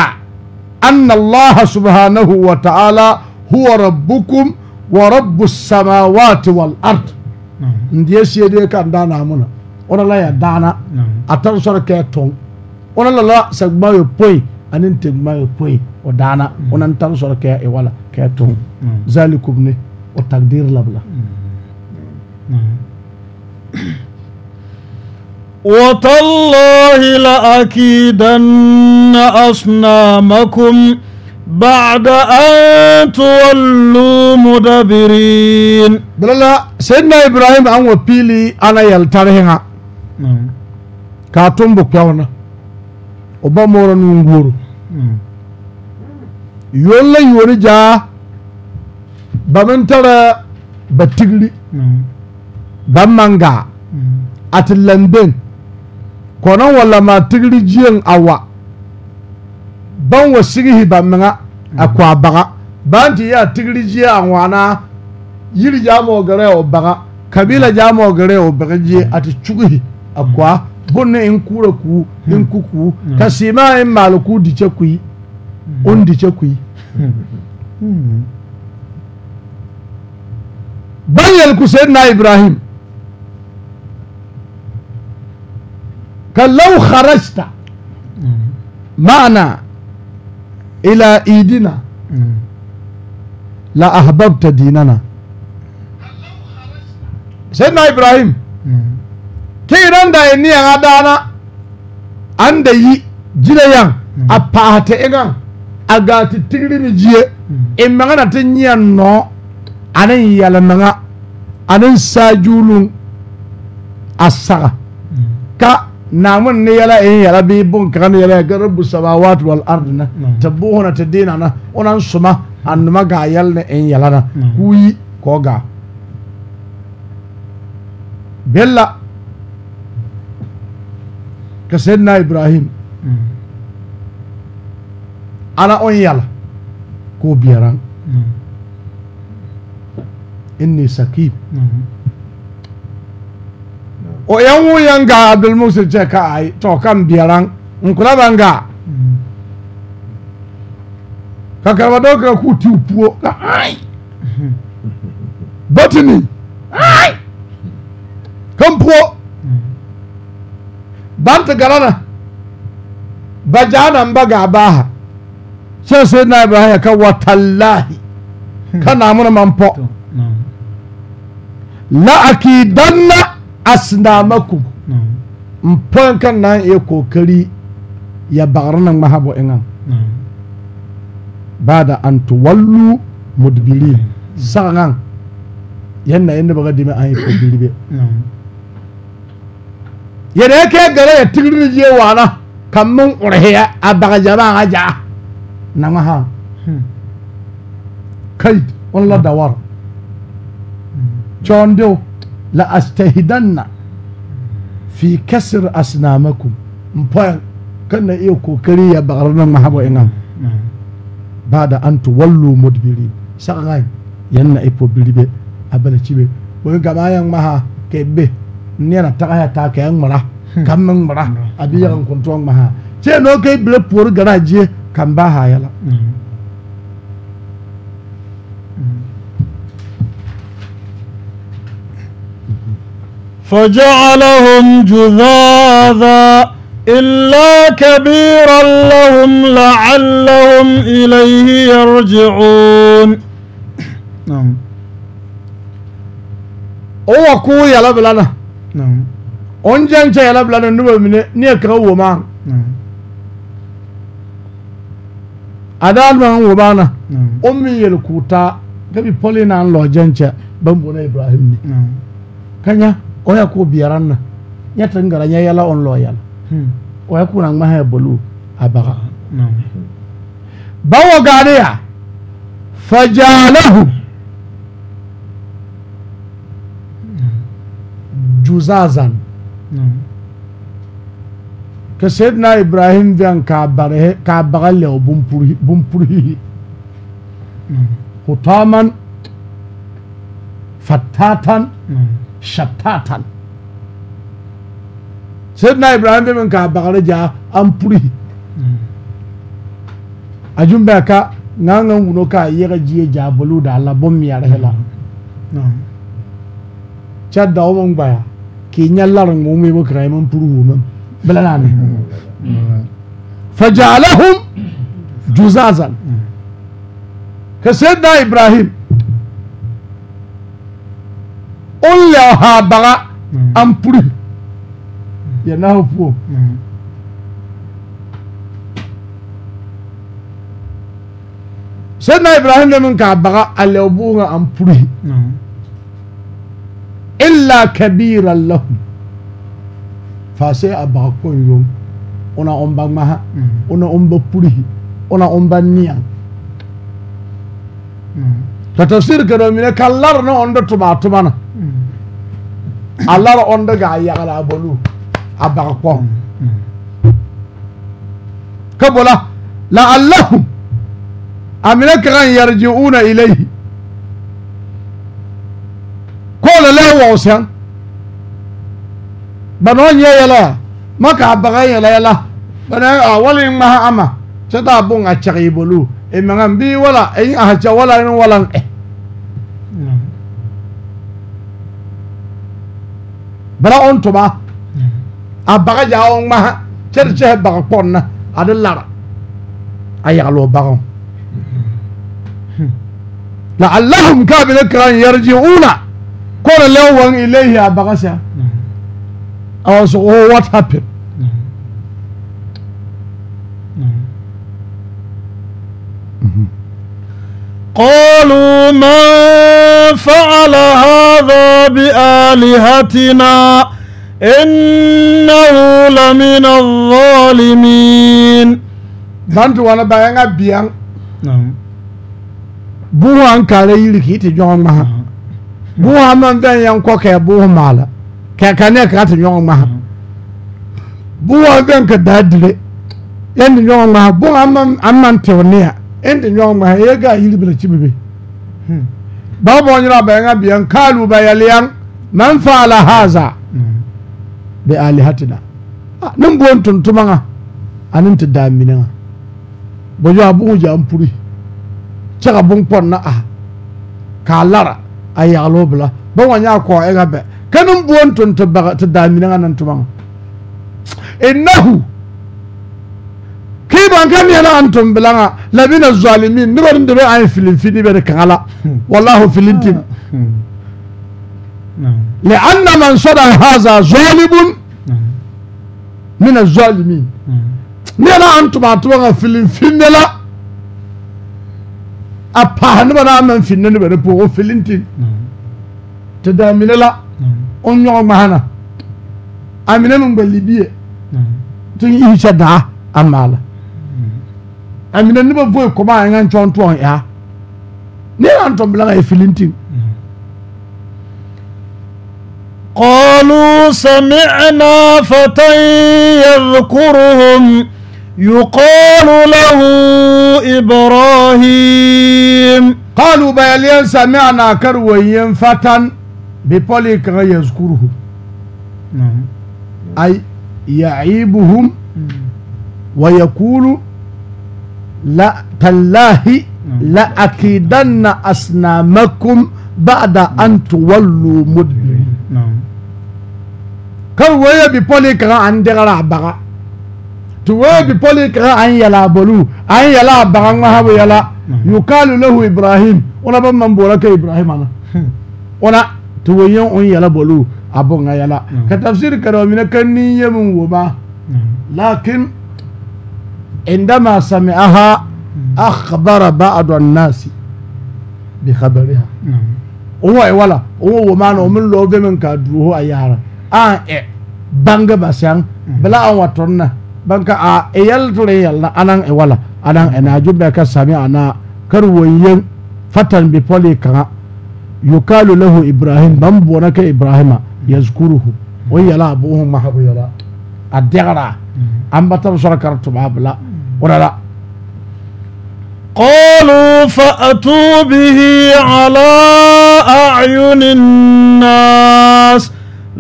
أن الله سبحانه وتعالى هو ربكم ورب السماوات والأرض. samawati wal ard ndiye siyede kan dana amuna ona la ya dana atan sor ke ton ona la la sagma yo poi anin tegma yo poi o dana ona tan sor ke e wala ke ton zalikum ne o takdir labla وتالله لأكيدن أصنامكم بعد أن تولوا مدبرين بلالا سيدنا إبراهيم أنو بيلي أنا يلترهنا كاتم بكيونا وبا مورا نونغور يولا yori جا بمنتر بتغلي بمانغا أتلندن kɔnɔ wala ma tigiri jiyɛn awa ban wa sigihi ba miŋa a kɔ a baga ban ti yɛ tigiri jiyɛ a ŋwaana yiri jaamɔ gɛrɛ o baga kabila jaamɔ gɛrɛ o baga jiyɛ a te cugihi a kɔa bonne in kura ku in kuku ka sima in maali ku dice kui on dice kui hmm. ban yɛl ku sayyidina ibrahim kalau kharajta ma'na ila idina la ahbabta dinana sayyidina ibrahim kiran da ni an adana an da yi jina yan a pahata igan a gati tigiri ni jiye in magana ta niyan no anan yalananga anan sajulun asaga ka naamun ni yala in yala bi bun kan yala garabu samawati wal ardina tabuhuna na onan suma annuma ga yalne in yala na kuyi ko ga bella ka sayyidina ibrahim ana on yala ko biyaran inni sakim yan wu yan ga abdulmusul ce ka ai to kan biyaran in kula banga ka karba dokar ku tiwupuwo ka ai batini ai kan puwo banta garana bajanan baga baha sai sai na ibrahim ya kan watallahi kana muna manfo la'akidanna asnamakum mpɔn kan na yɛ kokari ya bagri na ŋmaha bo eŋa bada an tuwallu mudbirin zaŋa yɛn na yɛ nebɛ ka deme an yɛ kokari be yɛrɛ yɛ kɛ gɛrɛ yɛ tigiri ni yɛ waana ka min urihiya a bagaja ba a ja na ŋmaha hmm. kaid on la dawar hmm. chɔndew la astahidanna fi kasir asnamakum mpa kana iya kokari ya bakar nan mahabo ba bada an tu tuwallu mudbiri sakai yanna ipo bilibe abala cibe bon gama yan maha kebe nena taga ya ta kayan mura kan mura abiyan kuntuwan maha ce no kai bile garaje kan ba hayala فجعلهم جذاذا إلا كبيرا لهم لعلهم إليه يرجعون نعم هو كو يلا بلنا نعم onjɛn kyɛ yɛlɛ bila ne noba mine neɛ kaŋa womaa a daa noba ŋa womaa na o meŋ yɛl k'o taa ka bipɔlee naŋ lɔɔ gyɛn kyɛ baŋ boɔna ibrahim ni ka nyɛ oya ko biaran na nya tan nya yala on lo yala hmm. oya kuna ngma ha bolu abaga no. bawo gare ya fajalahu juzazan no. ke sayyidina ibrahim biyan ka bare ka bagale bumpuri bumpuri hutaman fattatan Shatatan. Sayyidina Ibrahim bɛ min k'a bagale ja ampuri. Hmm. A jun bɛ ka nga ka wulo k'a yɛgɛ ji ye ja bolo da la bɔ min yɛrɛ la. Kyɛ da o min gbaya k'i nya lari ŋun mi bɛ kira yi min puru wu min bɛlɛ naa ni. Fajalahum hmm. juzazan. Hmm. Ka Sayyidina Ibrahim. only ahabara mm. and puri yɛ n'ahofoɔ sɛdina ibrahim ne min k'a baga alɛbuha and puri illa kabira lahum faase abagakɔn yom ona ɔnba ŋmaha mm. ona ɔnba purihi ona ɔnba niyan ka mm. tafsir ka dɔ mine ka lar ne ɔn tuma tuma na. Hmm. a lara on daga a yagara a bolu a baga kpɔm hmm. ka bola la'allahum a mine kagan yarji'una ilayhi kɔɔle lɛ wɔɔsɛn ba nɔɔ nyɛ yɛlɛ ya ma kaa baga yɛlɛ yɛlɛ ba a wali ŋmaha ama kyɛ taa bon a kyɛge i e maŋa bii wala e ahakyɛ wala ne wala ɛ eh. bala on tuma mm-hmm. a baga yaa on ŋmaha kyɛ de kyɛhɛ baga kpɔn na a mm-hmm. de lara a yagle o bagan la'allahum kabila kiran yarji'una kona lewan ilayhi a baga sa a mm-hmm. wasu oh what happened قالوا من فعل هذا بآلهتنا إنه لمن الظالمين بانتو وانا بايانا بيان نعم بوه كالي لكي تجون مها بوه من بيان ينكو كي بوه مالا كي كاني كات جون مها بوه ان بيان كدادلي ين جون مها بوه من تونيه nti nyɔŋ ŋmahi yɛ gaa yiri bira kyi bebe hmm. baa bɔ nyina bɛ ŋa biɛn kaalu bɛ yɛliyaŋ man faala haaza hmm. bɛ alihatina ah, neŋ boŋ tontoma ŋa ane ti daa mine ŋa bɔjɔ a buŋ gyaa puri kyɛ ka boŋkpɔn na aha kaa lara a yagle o bila ba wa nyaa kɔɔ ɛŋa bɛ ka neŋ boŋ ton ti daa mine ŋa neŋ toma ŋa innahu ebãnka nna an tmbilaŋa la min azalimin nba d a aɛ filifinbnikaŋa la walaf filitin liana man sɔda haza zalimun min azalimin nna an tumatbaa filimfine la a paasɛ nbanaanma finna nbanaffilitin ti daamina la ɔgɛ ŋasɛna a mina m balibia t issa daa amaala ɛmina ne bɛ voe kɔba a ɛnka nkyɛn toɔ ya ne yɛrɛ ntɔnbilan a efili nti. قالوا سمعنا فتى يذكرهم يقال له إبراهيم قالوا بيلين سمعنا كروين فتى ببولي كان يذكرهم أي يعيبهم ويقول لا تالله أكيدن أصنامكم بعد أن تولوا مدبرين كم نعم. نعم. ويا بيبولي كرا عن دغرا بغا تو نعم. ويا كرا عن يلا بلو عن يلا بغا ما هو يلا يقال له إبراهيم ولا بمن بولك إبراهيم أنا ولا تو ويا عن يلا بلو أبو يلا كتفسير كرامنا كني يمن وبا لكن عندما سمعها أخبر بعض الناس بخبرها نعم. هو ولا هو وما نؤمن له بمن كدروه أيارا آن آه، إيه، بانغ باسيان نعم. بلا أن وطرنا بانك آ آه، إيال تولي يلا أنا إيه، ولا أنا إيه جب بيكا سامي أنا كروين فتن ببولي كنا يقال له إبراهيم بمبونك إبراهيم يذكره نعم. ويلا أبوه محبو يلا الدغرة أم بتر شركة تبع بلا ora la qalu fa'tu bihi ala a'yunin nas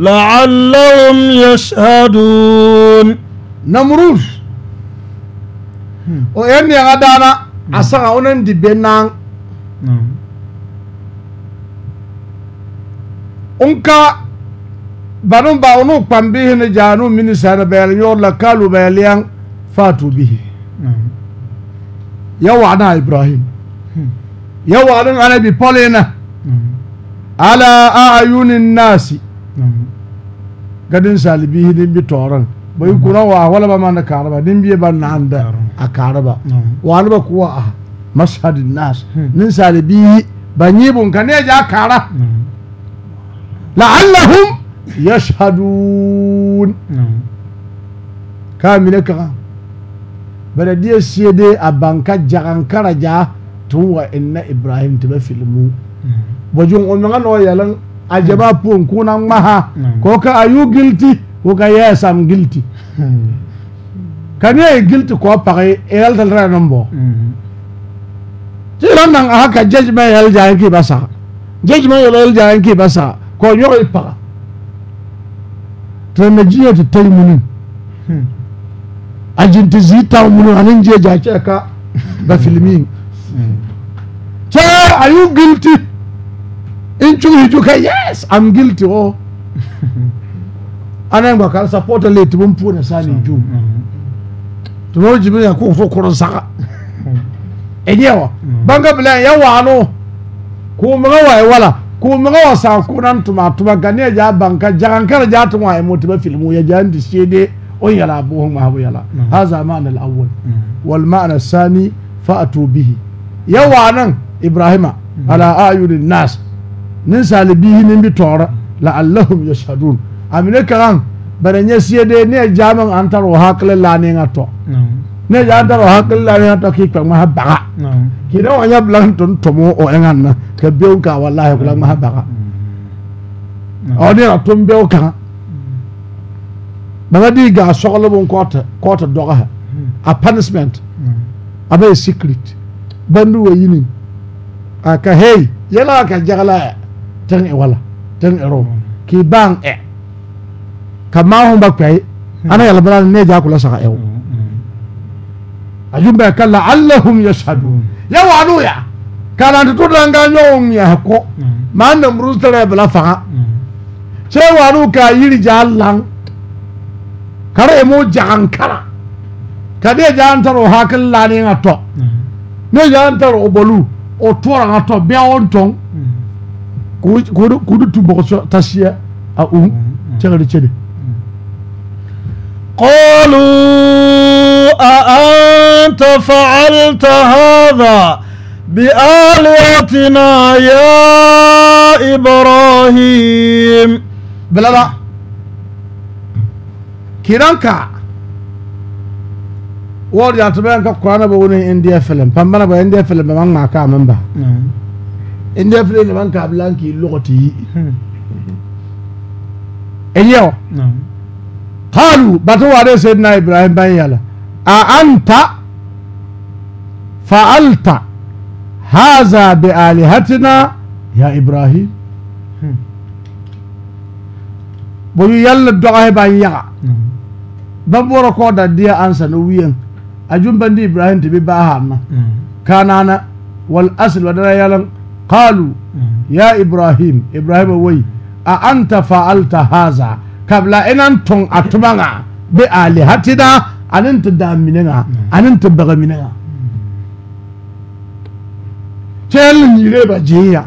la'allahum yashhadun namrud hmm. o oh, yanni ga dana hmm. asaga onen di benang onka hmm. banun ba onu kwambi ne janu minisana bel yor la kalu bayal yang fatu bihi يوعنا إبراهيم يوعنا أنا ببولينا على أعين الناس قد سالبيه دين بتورن بيكون هو ولا ما من كاربا دين بيبا ناندا أكاربا وأنا بكوا مشهد الناس نسال بيه بنيبون كان يجا كارا لعلهم يشهدون كامل كلام bɛrɛdeɛ sie de abanka jagankaraja tun wa inna ibrahim tɛ bɛ filimu mm-hmm. bɔjun o nɔgɔ nɔgɔ yɛlɛn a jaba mm-hmm. pon kuna ŋmaha mm-hmm. k'o ka are you guilty k'o ka yes I'm guilty ka ne ye guilty k'o pagi yɛlɛ tɛ lɛrɛ nɔn bɔ ti yɛlɛ ka judgement yɛlɛ jaa k'i ba sa judgement yɛlɛ jaa k'i ba sa k'o yɔrɔ i paga tɛrɛmɛ jiɲɛ ti tɛyi munni. Hmm ajinti zita munu anin je jace ka da filmin ce are you guilty in chu hiju ka yes i'm guilty oh (laughs) anan ba kan support le tibun pu na sani ju Tomorrow no jibi ya ko fo kurun saka (laughs) enyewa mm-hmm. banga bila yawa ano. ko maga wa wala ko maga wa sa kunan tuma tuma gane ja banka jaran kala ja tuma ay mutiba filmu ya jandi de. ويلا أبوهم ما هو يلا هذا معنى الأول والمعنى الثاني فأتوا به يوانا إبراهيم على أعين الناس ننسى به نبي تورا لعلهم يشهدون أمين كلام بل نسي دي ني جامع أنت وهاكل لاني نتو ne ya dara hakil la ne ta ki kwa ma baga ki da wanya blan ton tomo o engan na ka biu ka wallahi blan ma ga de gaa kota n kɔɔte ha a punishment hmm. a bɛ secret bandu wa yini a ka hei yɛlɛ ka jagla e ya. tɛŋ e wala tɛŋ e rɔm hmm. k'i bang ɛ e. ka maahu ba kpɛi hmm. ana yala bala ne kula saga ɛw e a yun bɛ ka ya yashhadun ya waadu ya kana ti to dan ga nyɔŋ ŋmɛɛhe kɔ maa namuru tɛrɛ bala faŋa waadu ka yiri lang kare mo jahan kara kade jahan taro hakil lani nga to hmm. ne jahan taro obolu o tora nga to on ton hmm. kudu kudu tu bo so tasiya a um hmm. chegade chede qalu a anta fa'alta hadha bi alatina ya Ibrahim. لا kiranka wor ya tabe ka kurana ba woni india film pambana ba india film ba ma ka man ba india film man ka blanki lugati enyo qalu batu wade sayyidina ibrahim ban yala a anta fa'alta hadha bi alihatina ya ibrahim boyu yalla dogahe ban yaga bɛbɔrɔ kɔ dadeɛ ansa na wien adwumpa ndi ibrahim ti bi baa ha no mm. kanaana wal asl wadana yalan qalu mm. ya ibrahim ibrahim awai a anta fa'alta haza kabla inan tun atuma nga bi alihatina anin ti damine nga mm. anin ti bagamine nga kyɛlin yire ba jiya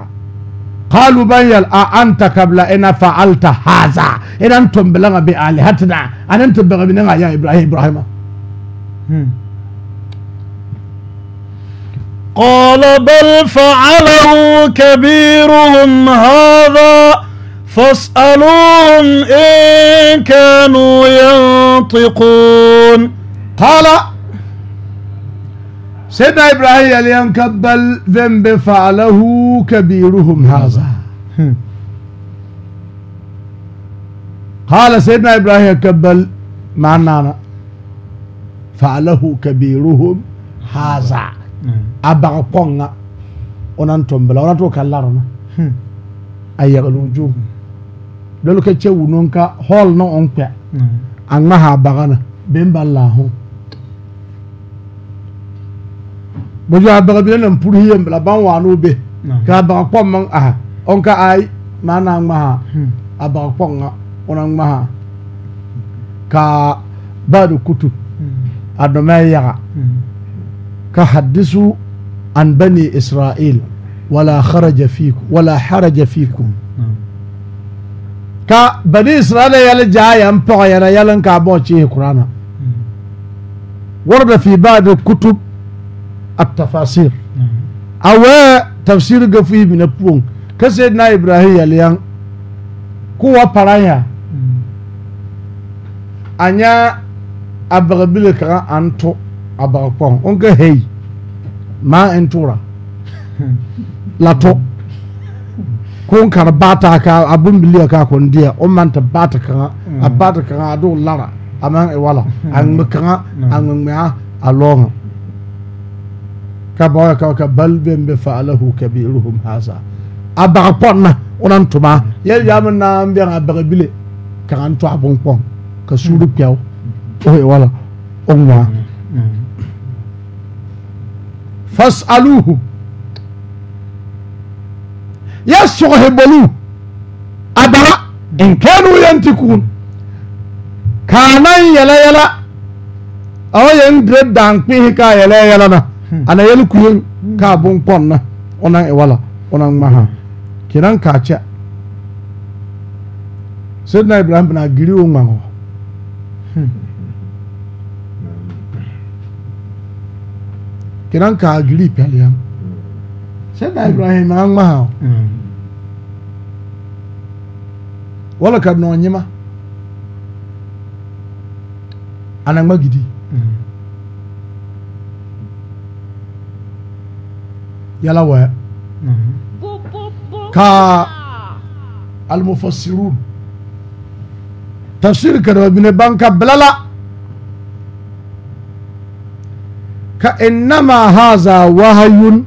قالوا بيل أنت قبل أن فعلت هذا إن أنتم بلغ بآلهتنا أن أنتم بلغ يا إبراهيم إبراهيم قال بل فعله كبيرهم هذا فاسألوهم إن كانوا ينطقون قال sayyidina ibrahim yaliyankabal dhanbin fa'alahu kabiruhum haza hmm. qaala sayyidina ibrahim yankabal maanaana fa'alahu kabiruhum haza a baga kɔŋa onaŋ tɔm bela ona too ka larena a yagele o juum dole ka kyɛ wunon ka hɔɔl na oŋ kpɛ a ŋmaha a bagana ben ba laahoŋ bojo abaga bi nan puru yem la ban wa no be ka ba kwa man a ah, on ka ai na na ma ha hmm. aba kwa nga ona ma ha ka ba do kutu hmm. adoma ya hmm. ka hadisu an bani isra'il wala kharaja fikum wala haraja fikum ka bani isra'ila yɛli jaaya n pɔgɔ yɛlɛ yɛli ka bɔ ci kurana warda fi ba'd kutub التفاسير أو تفسير قفي من البون كسيدنا إبراهيم يليان كوا برايا أنيا أبغبيل كان أنتو أبغبون أنك هي ما أنتورا لاتو kun kar bata ka abun biliya ka kun dia o man ta bata ka a bata ka do lara aman e wala an mkan an mma a longa kabɔra ka ka bal bɛn bɛ fa alahu kabiruhum hasa a baga pɔn na ona tuma yɛl yaa mi naa n bɛn a baga bile ka n tɔ a bon kpɔn ka suuru kpɛw o ye wala o ŋmaa fas aluhu yɛ sɔgɔhe bolu a baga in kɛnu yɛn ti kun kaanan yɛlɛ yɛlɛ awo yɛn dire dankpihi ka yɛlɛ yɛlɛ na. Hmm. ana yɛne kuen kaa bonkɔn na ɔnaŋ e wala ɔnaŋ ŋma ha kenaŋ kaa kyɛ sedna ibrahim na giri o ŋma hɔ kenaŋ kaa giri pɛliam sedna hmm. ibrahim na ŋma ha hmm. wala ka na ana ŋma gidi يلوى نعم. كا المفسرون تفسير كده من بانكا بلالا كإنما هذا وهي نعم.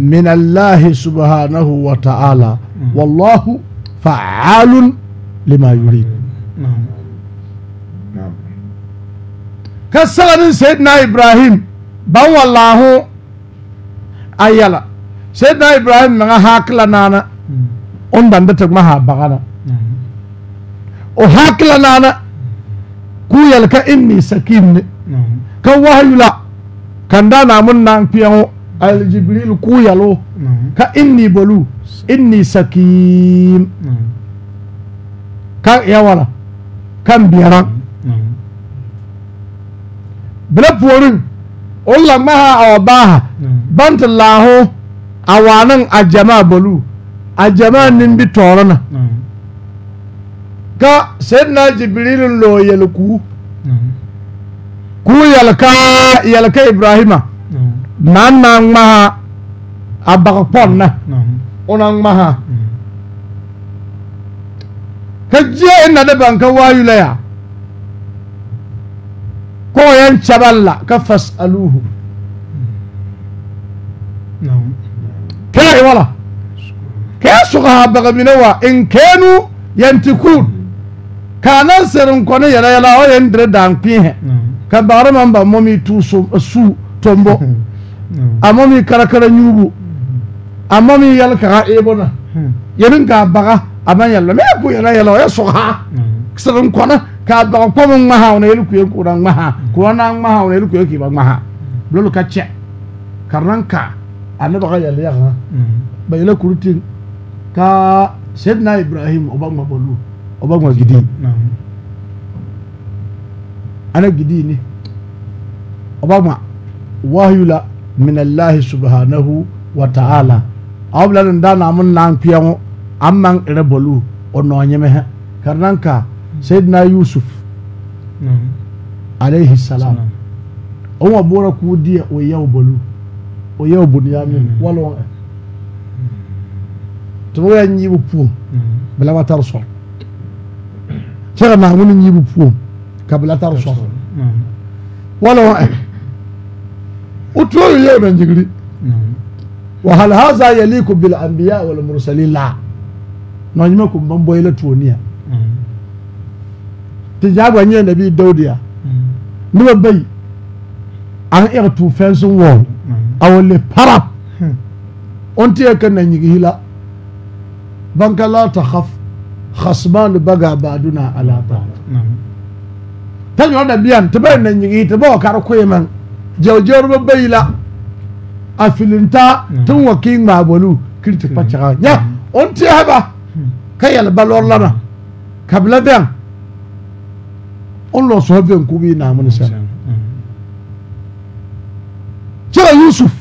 من الله سبحانه وتعالى نعم. والله فعال لما يريد كسرن سيدنا إبراهيم بان والله ayala sayyidina ibrahim nanga hakla nana hmm. on danda tagma ha bagana hmm. o hakla nana ku yalka inni sakim hmm. ne kan wahyula kan da namun nan piyan al jibril ku yalo ka inni bolu inni sakim kan yawala kan biyaran bila puorin ulamaha aw baha hmm. banta laaho awaanan ajamaa bolu ajamaa hmm. nimbi toorana hmm. ka sayyidina jibriilun loo yel kuu kuu yelka yelka ibrahima naan naa ŋmaha a bag ponna una ŋmaha ka jiya inna de banka waayulaya kpɔn yɛn kyɛbɛ la ka fas aluhu kɛɛ yi wala kɛɛ sɔgɔ ha baga mine wa nkɛɛnu yɛn ti kuun kaa na sɛrin kɔni yɛlɛ yɛlɛ o yɛn dire daankpiin hɛ ka baara man ba mɔmi tu so su tombo (laughs) a mɔmi karakara nyuubu a mɔmi yɛlɛ kaŋa eebo na hmm. yɛlɛ kaa baga a man yɛlɛ mɛ ko yɛlɛ yɛlɛ o sɔgɔ ha sɛrin kɔni. Mm-hmm. ka gɔnkpɔm ŋmaha ŋuna yɛli kue kuna ŋmaha kuna naa ŋmaha ŋuna yɛli kue kiba ŋmaha lolu ka kyɛ ka naŋ ka a noba ka yɛli yaga ba yɛlɛ kuri tiŋ ka sɛdina ibrahim o ba ŋma bolu o ba ŋma gidi mm-hmm. ana gidi ni o ba ŋma wahyu la min allahi subhanahu wa ta'ala a bila nin daa naamu naaŋ kpeɛŋo aŋ maŋ erɛ bolu o nɔɔnyemɛ ka ka sayidina yusuf aleyhi salam wọn bɔra k'u di o yɛ o bolu o yɛ o bonyamin wala wɔn tuma yɛ nyi bi puo bilaba tari sɔrɔ cɛ ka mahamuni nyi bi puo ka bila tari sɔrɔ wala wɔn o tuo yi yɛ o na jigiri wa hali haza yɛli ko bil anbiya wal mursalin la nɔnyima ko n ban bɔ yɛlɛ tuoniya ti jaagwa nyɛ nabi dawuda hmm. noba bayi an ɛg tu fɛnsin wɔn hmm. a wa le parab hmm. on tiɛ ka na nyigi hila banka la ta khaf khasman baga baaduna ala ta'ala ta nyɔ da biyan ta bɛ na nyigi ta bɛ kar koyi man jawjawar ba bayi la a filinta tun wa kin mabolu kirti kpacaga nya on tiɛ haba ka yɛlɛ balɔr lana kabila bɛn ɔlɔ sɔɔ bɛ nko bi naamu ni sɛm kyerɛ yusuf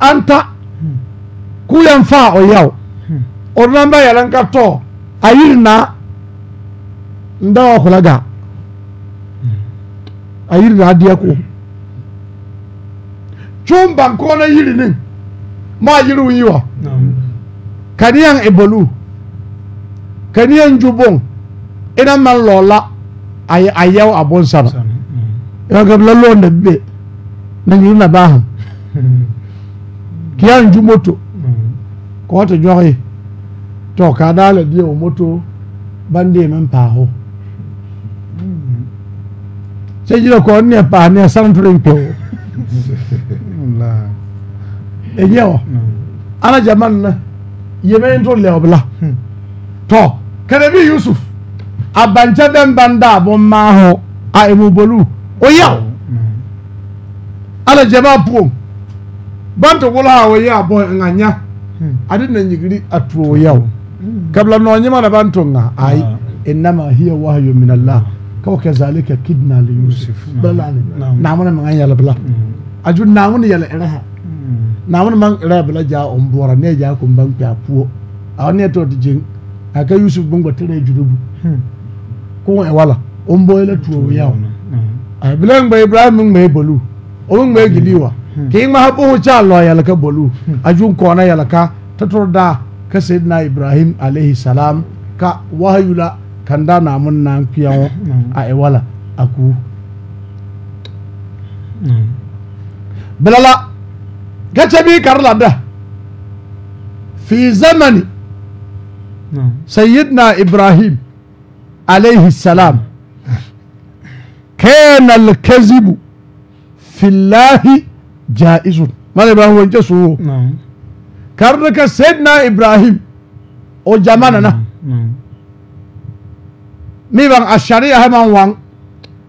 anta k'u yɛ nfa a ɔyaw ɔdunan bɛ yɛlɛ nka tɔ ayiri na nda wa kɔla ga ayiri na adiɛ ko tún bankɔ na yiri ni mo ayiri yi wa kaniyan ebolu kaniyan jubon ina man lɔla ayaw abonsam mm. yagam lalo na be na nyiri na baham kiya nju moto mm. ko wata jori to ka dala dia o moto bande men pa ho sai jira ko ne pa ne san turin ko e yawa ana jaman na yemen to le obla hmm. to kada bi yusuf abankyɛ dɛ mbanda a bommaa ho a ɛmu bolu oyaw mm. ala gyamaa puom banto wolo a wɔyɛ abɔ ŋanya ade na nyigiri atuo oyaw kabla na ɔnyema na bantu nga ai ah. enama hiya wahyu min allah ka ah. wa kazalika kidna li yusuf ah. balani naamuna man yala bla mm. aju naamuna yala eraha mm. naamuna man era bla ja on bora ne ja kun ban kya puo a ne to dijin aka yusuf bungo tare jurubu hmm kun ewala o n boye le tuwo wiya o ah, bile ŋmɛ ibrahim ŋmɛ bolu o ŋmɛ gidi wa k'i ŋmɛ hapuhu ca lɔ yɛlɛka bolu a ju kɔnɔ yɛlɛka tatoro da ka sayidina ibrahim alayhi salam ka wahayula kan da namun na kiyawo hmm. a ewala a ku hmm. bilala gace bi karla da fi zamani hmm. sayidina ibrahim alayhi salam kana al-kazibu fillahi jaizun mala ibrahim wonje suwo karne ka sayyidina ibrahim o jamana na mi ban ashariya haman wan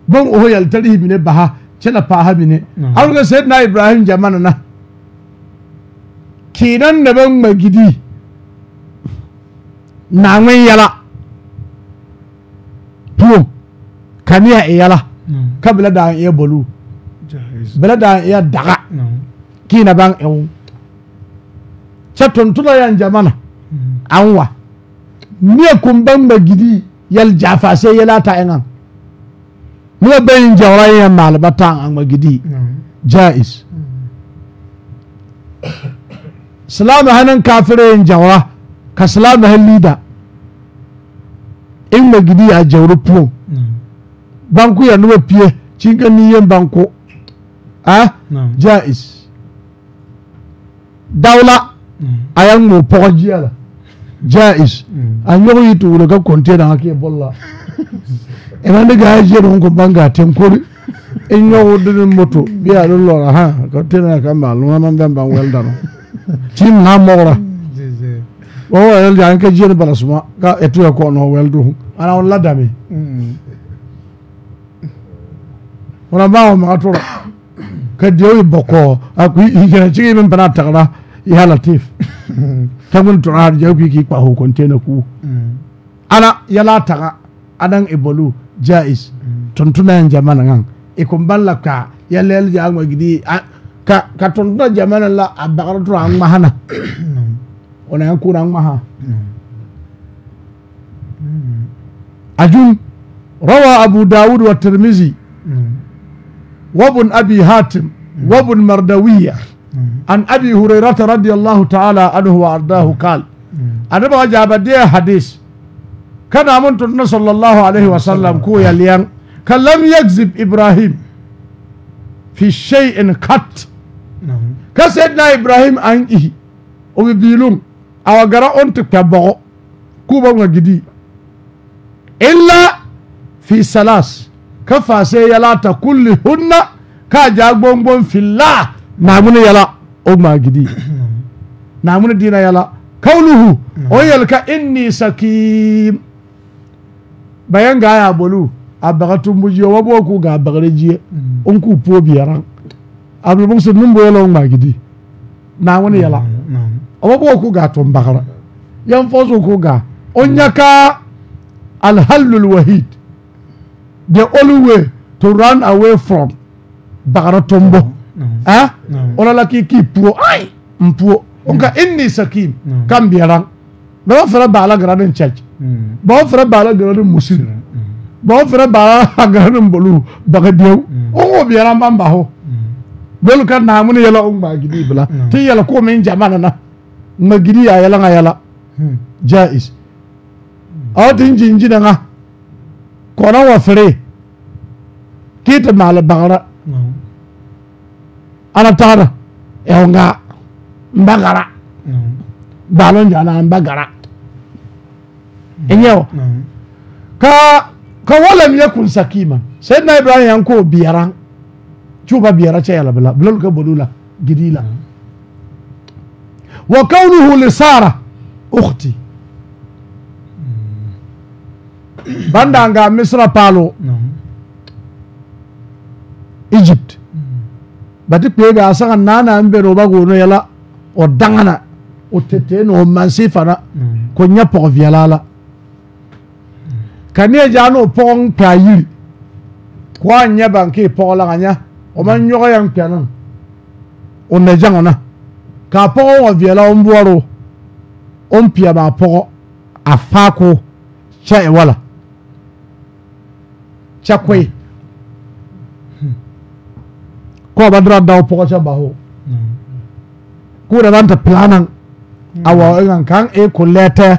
bon o yal tarihi mine baha cena paha mine awon ka sayyidina ibrahim jamana na kinan da ban magidi na ngwen yala bio kanea iyala ka beladan iya bolu beladan iya daga kina ban ewu kyɛ tontona yɛn gyama na anwa mie kumban ba gidi yɛl jafa se yɛl ata eŋan mie bɛyin jawra yɛn maale ba taa anwa gidi jais mm-hmm. silamu hanin kafire yɛn jawra ka silamu hanin lida ina gidi ya jawru puo banku ya pie cinka ni yen banku ah jais dawla ayan mu pogo jiala jais a nyogo yitu wuro ka container hakiye bolla ina de ga je don banga tenkori in nyogo dun moto biya don lora ha container ka maluma man ban ban weldaro tim (laughs) na mora Oh, welde an ka jiyani bala suma ka ettuya kono weldu hum ana on laddami wona mbawa maga toro kadi yewi bokko akena cigi min pana latif tagun tona har jaw kiki kpaho kontena ku ana yala taga adan ibolu jais tontunayan jamana ngan ikon balla ka yalel jangma gidi ka tontuna jamana la a bagara toro wanaekura nwa ha ajum روى أبو داود والترمذي وابن أبي هاتم وابن مردوية عن أبي هريرة رضي الله تعالى عنه وأرضاه قال أنا بقى جابدي حديث كان أمنت صلى الله عليه وسلم كو يليان كان لم يكذب إبراهيم في شيء قط كسيدنا إبراهيم عن إيه وبيلوم awagara onti kpebbogo kuba ŋa gidi illa fi salas ka faase yalata kulli hunna ka jaa gbongbon fillah naamuni yala o ŋmaa gidi (coughs) naamuni diina yala kawluhu hmm. o yelka inni sakim bayan gaa yaa bolu a baga tumbujiyo wa boo kuu gaa on hmm. kuu puo biyaran abdulmusin num boyelo o ŋmaa gidi naamuni yala mm -hmm ɔbɛbɔ okuga to mbakara yɛmfa so okuga onyaka alhalul wahid the only way to run away from bakara tombo eh ɔlala k'i k'i puo ayi mpuo nka inni sakim kan biɛran bɛɛ b'a fɛrɛ baala gara ni church bɛɛ b'a fɛrɛ baala gara ni musiri bɛɛ b'a fɛrɛ baala gara ni mbolu bagadiɛw o ko biɛran ban ba ho dolu ka naamu ni yɛlɛ o ŋmaa gidi bila ti yɛlɛ ko min jama nana. magidi ya yala nga yala hmm. jais aw tin jinji da nga kona wa fere kita mala bagara ana tara e nga mbagara balon jana ka ka walam yakun sakima sayyidina ibrahim yanko biyara chuba biyara chayala yala bla blol ka bodula gidila mm -hmm. وكونه لسارة أختي بندانغا مصر بالو Egypt bati kpeebe asaga naana mbere oba goono yala o dangana o tetee na o mansi fana ko nyɛ pɔge veɛlaa la ka neɛ pɔgɔ n yiri ko a nyɛ baŋ pɔgɔ la ka nyɛ o ma nyɔgɔ yɛn kpɛ o na gyaŋ ka a pɔgɔ wa veɛla o boɔroo o peɛba a pɔgɔ a faa ko kyɛ e wala kyɛ koe kɔɔ ba dira dao pɔgɔ kyɛ baho k'o da ban te a wa eŋa kaŋ e ko lɛɛtɛɛ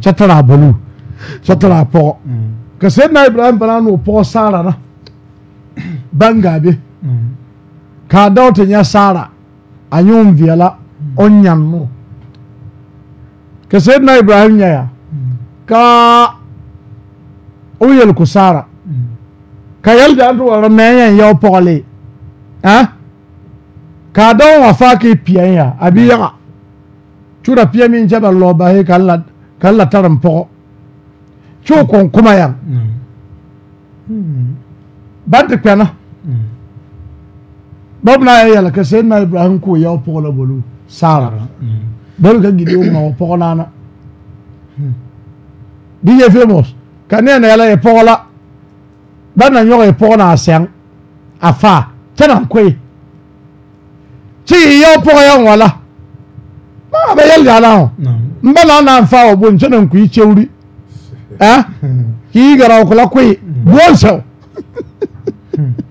kyɛ tara a baluu kyɛ tara a pɔgɔ ka seydina ibrahim bana n'o pɔgɔ saara na baŋ gaa be k'a dao te nyɛ saara anyiwumviala onyanmu ka na ibrahim ya ka uyel kusara ka yɛlda n tɩ mɛɛyɛn yao pɔgele eh? ka dɔn wa faa kɩ piɛn ya a bɩ yaga cura piɛ min kyɛ ba lɔ ba he kan la ka la taren pɔgɔ kyɛ o kɔn kuma yan hmm. ba te kpɛna babu na yɛlɛ ka sɛ na ibrahim ko yɛ pɔgɔ la bolu sara bolu ka gidi o ma o pɔgɔ nana dj famous ka ne na yɛlɛ yɛ pɔgɔ la ba na nyɔgɔ yɛ pɔgɔ na a sɛŋ a fa kyɛ na koe kyi yi yɛ pɔgɔ yɛ ŋwa la ma a bɛ yɛlɛ ala o n ba na na fa o bo n kyɛ na nkuyi kyɛwuri ɛ k'i yi gara o kɔla koe hmm. buwɔnsɛw. (laughs)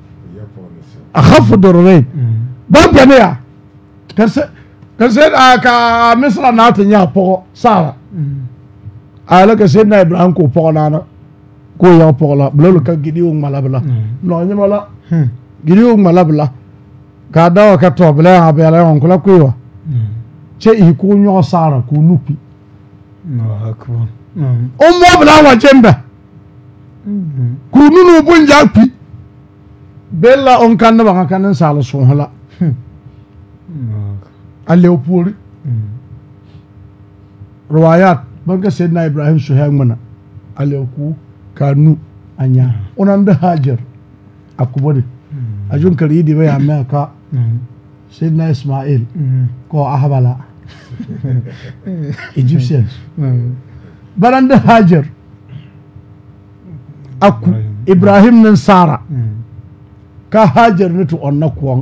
akhafu durrain ba bɛne a ka se ka misra na ta nya pɔgɔ sara ala ka se na ibrahim ko pɔgɔ na na ko ya pɔgɔ la bulolu ka gidi o ŋmala bila nɔ la gidi o ŋmala bila k'a da wa ka tɔ bila yan a bɛ ala yan kula ko wa cɛ i ko ɲɔgɔn sara k'o nupi o mɔ bila wa jɛn bɛ k'u nunu bɔ n ja kpi. bella on kan na banga kan sala so hola hmm. alle opuri hmm. riwayat banga na ibrahim suhaim mana alle ku kanu anya hmm. onan da hajar akubode ajun kali di baya me ka sayyidina isma'il ko ahbala egyptians baranda hajar aku ibrahim nan sara mm. ka hajar ne ti ɔnna koɔŋ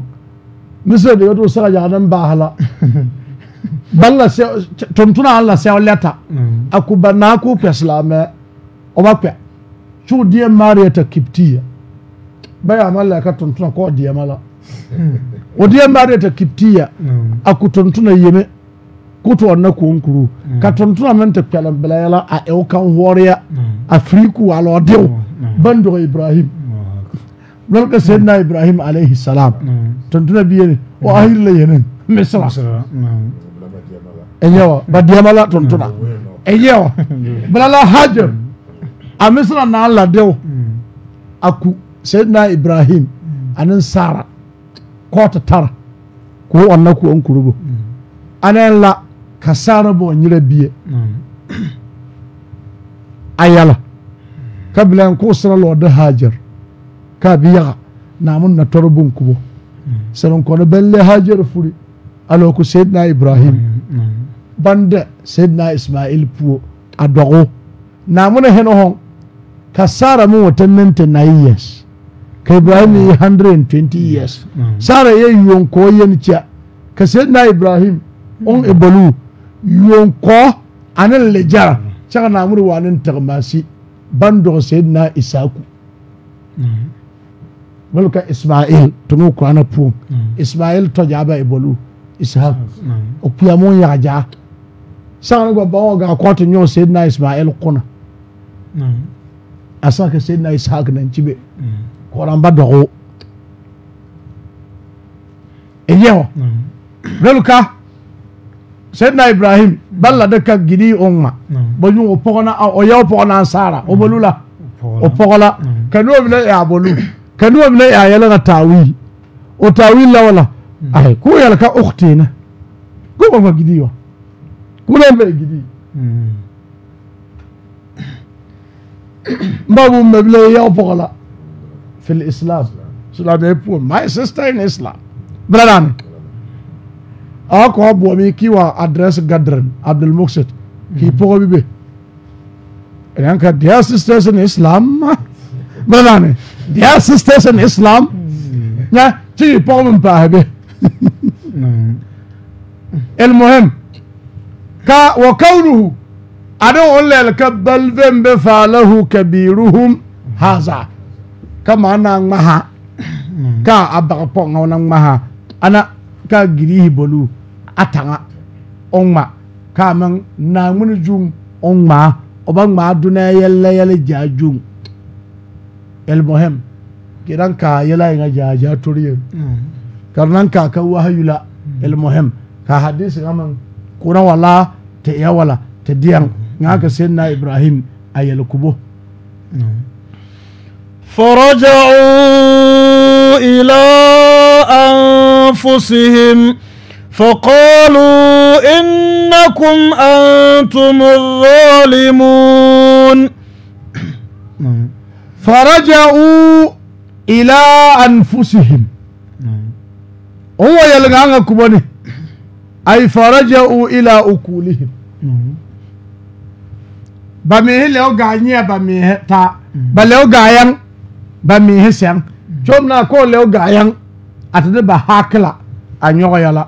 misiri de yoto saka yaga ne baahi la se la sɛo se oleta la sɛo lɛta a oba ba chu ko kpɛ silaamɛ o ba kpɛ kyuu ta kiptiya ba yaa ka tontona ko deɛma mala (laughs) o deɛ maariya ta kiptiya mm. a ko yeme ko to ɔnna koɔŋ kuru mm. ka tontona men te kpɛlɛm bilɛɛ la a eo kan hɔɔreya a firi ko a lɔɔdeo mm. ban ibrahim dhalka saydina ibraahim alayhi salaam tontona biyene oo ahir la yeneen misra enyewa badiamala tontona enyewa (laughs) balala hajar a misra naa ladew aku saydina ibraahim anin sara koota tara kuu ɔnna ku ɔnkurubo anen la ka sara bo ɔnyera bie ayala ka bilan kuu sira lɔɔde hajar kaa bi yaga naamu na tɔrɔ bon kubɔ sɛnɛn kɔnɔ bɛn lɛ hajar furi ala seyidina ibrahim bande seyidina ismail puo a dɔgɔ naamu na hɛnɛ hɔn ka sara mu wɔ ten ninety nine years ka ibrahim yi hundred and twenty years mm. sara yɛ yonkɔɔ yɛn kyɛ ka seyidina ibrahim ɔn ebolu yonkɔɔ ane lejara kyɛ ka naamu na waa ne tagmaasi ban seyidina isaaku. Mm. milka ismail tumu qur'ana puum hmm. ismail to jaba e bolu ishaq hmm. o piyamo yaja sanu go bawo ga ko nyo sayyidina ismail kuna hmm. asa ka sayyidina ishaq nan cibe koran ba dogo eyeho milka sayyidina ibrahim balla da ka gidi umma bonyum o pogona o yaw pogona ansara o bolula o pogola kanu o bila e abolu ka noba mine a yɛlɛ na taawiil o taawiil la wala ayi k'o yɛlɛ ka ɔkutena k'o ma ma gidi wa k'o na mɛ gidi n ba mu mɛ bile yaw pɔgɔ la fili islam silamɛ poɔ my sister in islam bila naani a kɔ bɔ mi k'i wa adresse gadren abdulmuksit k'i pɔgɔ bi be ɛnɛ ka dear sisters in islam bila naani. their sisters in Islam hmm. na ti pɔg mi pahibi ilmuhim hmm. ka wa kawluhu adi o lɛl ka balvin bi faalahu kabiruhum haza ka maa na ŋmaha hmm. ka a bag pɔŋa na ŋmaha ana ka girihi bolu a taŋa o ŋma ka meŋ naaŋmene juŋ o ŋmaa o ba ŋmaa dunaa yɛllɛ yɛlɛ jaa juŋ المهم كيران كا يلا ينا جا جا توريو كرنان el mohem يلا المهم كا حديث غمان كورا ولا تيا ولا تديان ngaka ibrahim a yalkubo faraja'u ila anfusihim faqalu innakum antum adh-dhalimun faraja'u ila anfusihim owo yelgaanga kuboni ay faraja'u ila ukulihim bamihi leo gaanyia bamihe ta ba leo gaayang bamihi siang comna ko leo gaayang atade ba haakila a ñogoyala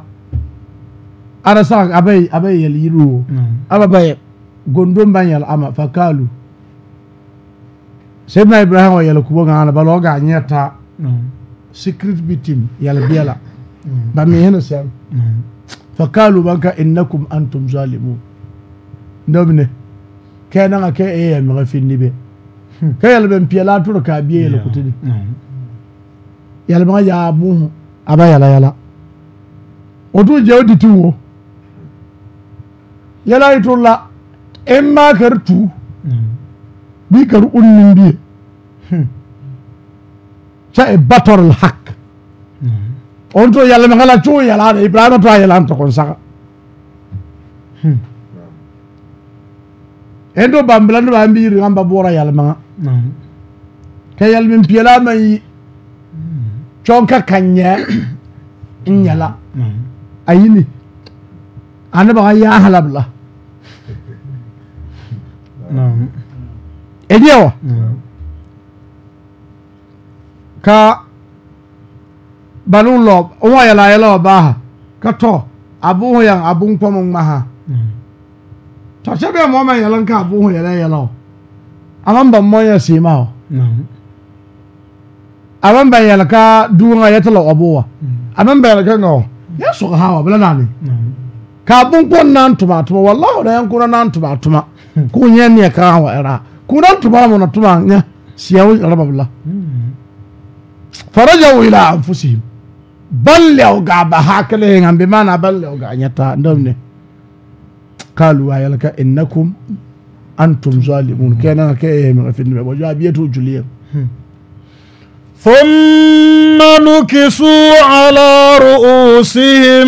ara sak abay abay yel yiruwo aba baye gondom ban ama fakalu seydna ibrahima yala kubogaana baloga ñeta secret bitim yala biyala bami hena sem fa kalu banka innakum antum zalimun ndomne kenanga ke eya maga finni hmm. be ke yala ben piyala tur ka biye yala kutini yala maga ya buhu aba yala yala otu jewdi tiwo yala itulla emma kar tu bi kar unnin biye Hmm. sa e batorol hak hmm. on to yalla mi ngala cuu yalaano ibrahima to a yalan to kon saga hmm. en to bambila ndiba mbiiri gamba boora yalmaŋa ke yalmin piyala maŋ yi conka kaŋ nyɛ n nyɛla a yini a noba ŋa yaahala bila e wa ka banun lɔb n wa yɛla hmm. yɛla hmm. wa baaha ka tɔ a buhu yan a bun kpɔmu ŋmaha tɔ kyɛ bɛ mɔɔ ma yɛlɛn ka a buhu yɛlɛ yɛlɛ o a man ban mɔɔ Ya seema o a man ban yɛlɛ ka duŋa yɛ tɛ la o buwa a man ban yɛlɛ ka ŋa o yɛ sɔgɔ ha o bila naani ka a bun kpɔn naan tuma tuma walahi o na yɛn kuna naan tuma tuma k'o nyɛ neɛ kaa wa ɛra kuna tuma la mun na tuma nyɛ seɛ o yɛrɛ ba bila. Hmm. فرجعوا إلى أنفسهم بلعوا قعبا هاكلين إيه، عن بمعنى بلعوا قعنيتا يعني نمني إيه؟ قالوا يا لك إنكم أنتم ظالمون كان كيهم إيه، في النبي وجاب يتو جليم ثم نكسوا على رؤوسهم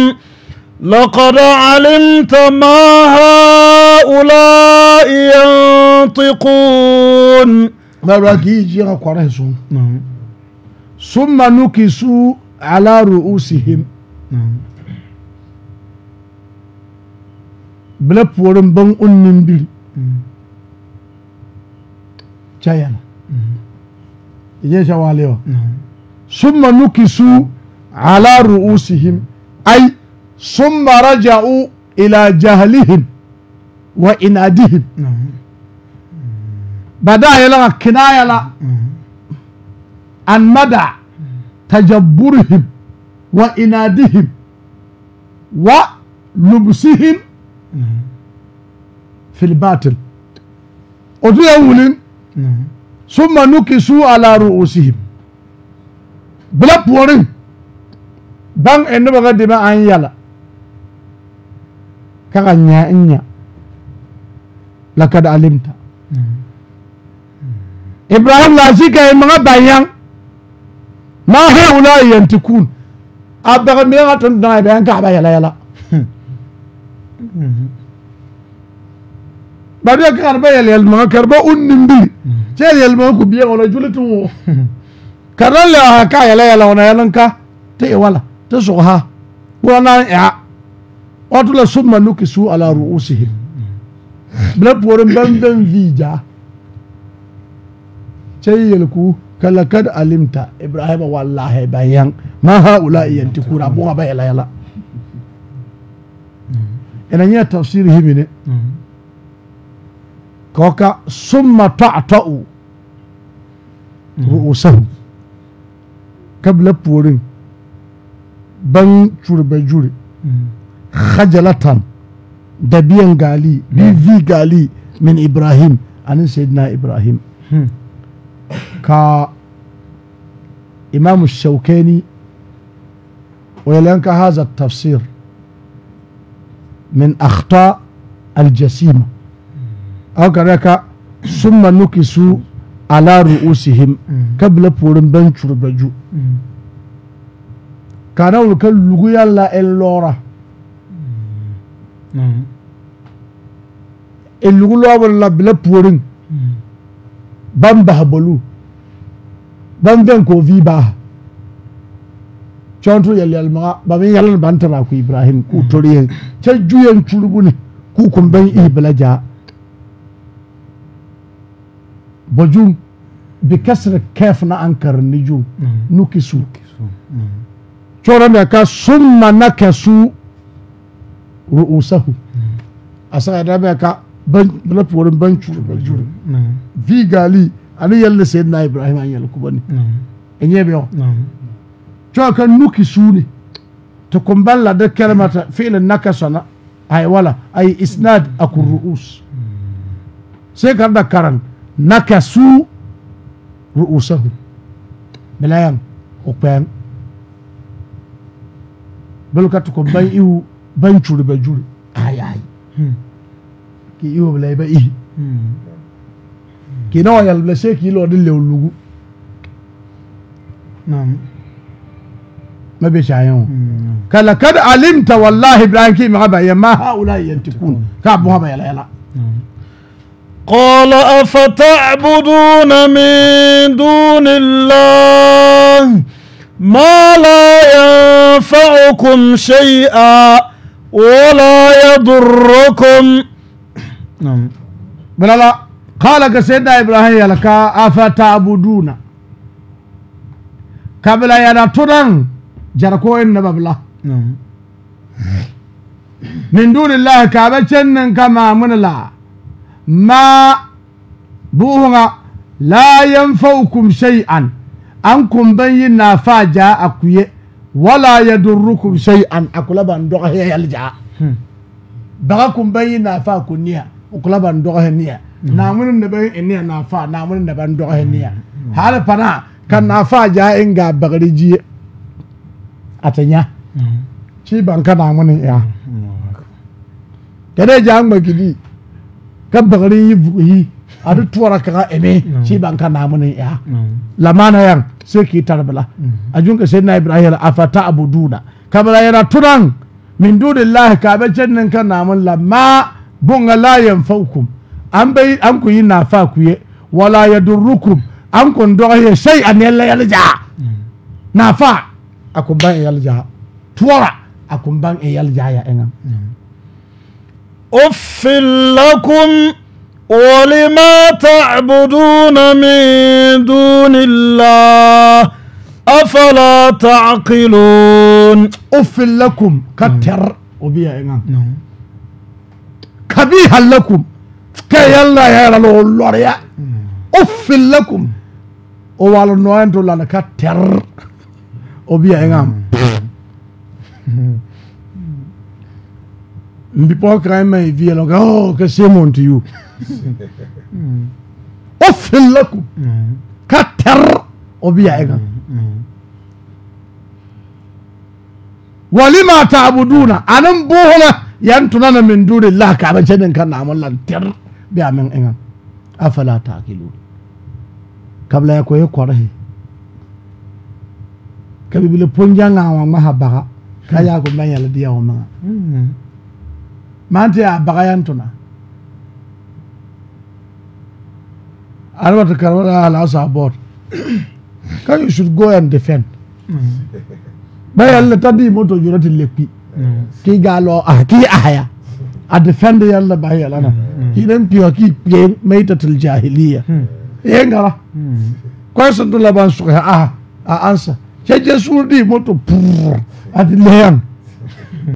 لقد علمت ما هؤلاء ينطقون نعم. ما راكي يجي قرأ summa nukisu ala ru'usihim bila puorin ban unnin bil chayana ije shawalewa summa nukisu ala ru'usihim ay summa raja'u ila jahlihim wa inadihim badaa yala kinaya la mm -hmm. an madac tajaburihim wa inaadihim wa lubsihim fi lbaatil oduyan wulin summa nukisuu alaa ru'uusihim bila puorin baŋ e noba ka deme an yɛla ka ka nyɛ n nyɛ lakad alimta ibrahim laasi ka e maŋa ma haula yantikun a baga me ga tun dai bayan ka ba yala yala ba da kan ba yala yala ma karba unnin bi ce yala ma ku biya wala julutun wo karan la ka yala yala wana yalan ka ta e wala ta so ha wana ya wato la summa nukisu ala ru'usihim bla porin ban ban vija ce yelku kala kad alimta ibrahima wallahi bayan ma haulai yantikuna hmm. bunga ba yala yala ina nya tafsiri hivi hmm. ne koka summa ta'ta'u hmm. ru'usahu kabla purin ban curbe juri khajalatan dabiyan biyan gali vi gali min ibrahim anin sayyidina ibrahim كا imamu الشوكاني ويلينك هذا التفسير من أخطاء الجسيمة أو كذلك ثم نكسوا على رؤوسهم قبل بورن بنشر بجو كان أولك اللغوية لا اللورة نعم. اللغوية لا بلا بورن Bamba bahabolu ban den ko vi ba chontu yel yel ma ba min yel ban tara ku ibrahim ku hmm. toriye ce juyen chulubuni ku kumben hmm. iblaja bojum bi kasra kaf na ankar niju hmm. nukisu chora me ka summa nakasu ru'usahu asa da me ka bala puorin ban churi ba churi vi gali ani yalle sai na ibrahim an yalle kubani enye biyo cho kan nuki suni to kumban la da kalmata fi'l nakasana ay wala ay isnad akur ru'us sai kar da karan nakasu ru'usahu bilayan ukpen bal ka to kumban iu ban churi ba juri ay ay hmm. ki iwo bila ibe ihi ki na oyal bila se ki ilo di le olugu ma be shayan o kala kada alimta wallahi ibrahim ki magaba ya ma haula yantikun ka abu haba yala yala قال أفتعبدون من دون الله ما لا ينفعكم شيئا ولا يضركم balala kala ka sayyidina ibrahim yalaka afata abuduna kabla ya turang tunan jarko in na babla min duni allah ma buhuna la yanfaukum shay'an an bayi nafaja ja akuye wala yadurukum shay'an akula ban ya yalja baga kun ban yin o kula ban dɔgɔhɛ niya naaŋmene mm-hmm. na bɛ n niya naafaa naaŋmene na ban dɔgɔhɛ niya mm-hmm. hali pana ka naafaa jaa en gaa bagere jie a te nya mm-hmm. ci ban ka naaŋmene ya tɛnɛ jaa ŋma kidi ka bagere yi a de eme ci ban ka naaŋmene yaa lamaana yan sai k'i tare ka sayyidina ibrahim afata abuduna kabara yana tunan min dunillahi ka bɛ kyɛn ne ka bonga la yanfa'ukum an bai an kun yi nafa ku ye wala yadurrukum an kun dɔgɔye shay an yalla yalja mm. nafa a kun ban e yalja tuwara a kun ban e yalja ya enga mm. uffil ولما تعبدون من دون الله أفلا تعقلون أفل لكم كتر وبيا إمام كبيها لكم كي يلا يا لوريا اف لكم اوال نوين دولا نكتر او بي ايغام مبي بو كرايم ماي في او كسي مونت يو اف لكم كتر او بي ايغام ولما تعبدون انم بوهنا yan tunana min duni la ka ba jenin kan na mun lantir bi amin ina afala taqilu kabla ya koyi kwarhi kabi bile ponja nga wa ma habaga kaya ko manya la dia homa hmm. mante a baga yan tuna arbata karwala ala sa bot kan you should go and defend hmm. bayalla tadi moto jurati lekpi kii gaa loo ah kii ahaya a defend yalla ba yalla na hmm, hmm. kii den piwa kii piye maitatul jahiliya hmm. ye ngara question to laban suka ah a ah, answer che je surdi moto pur at leyan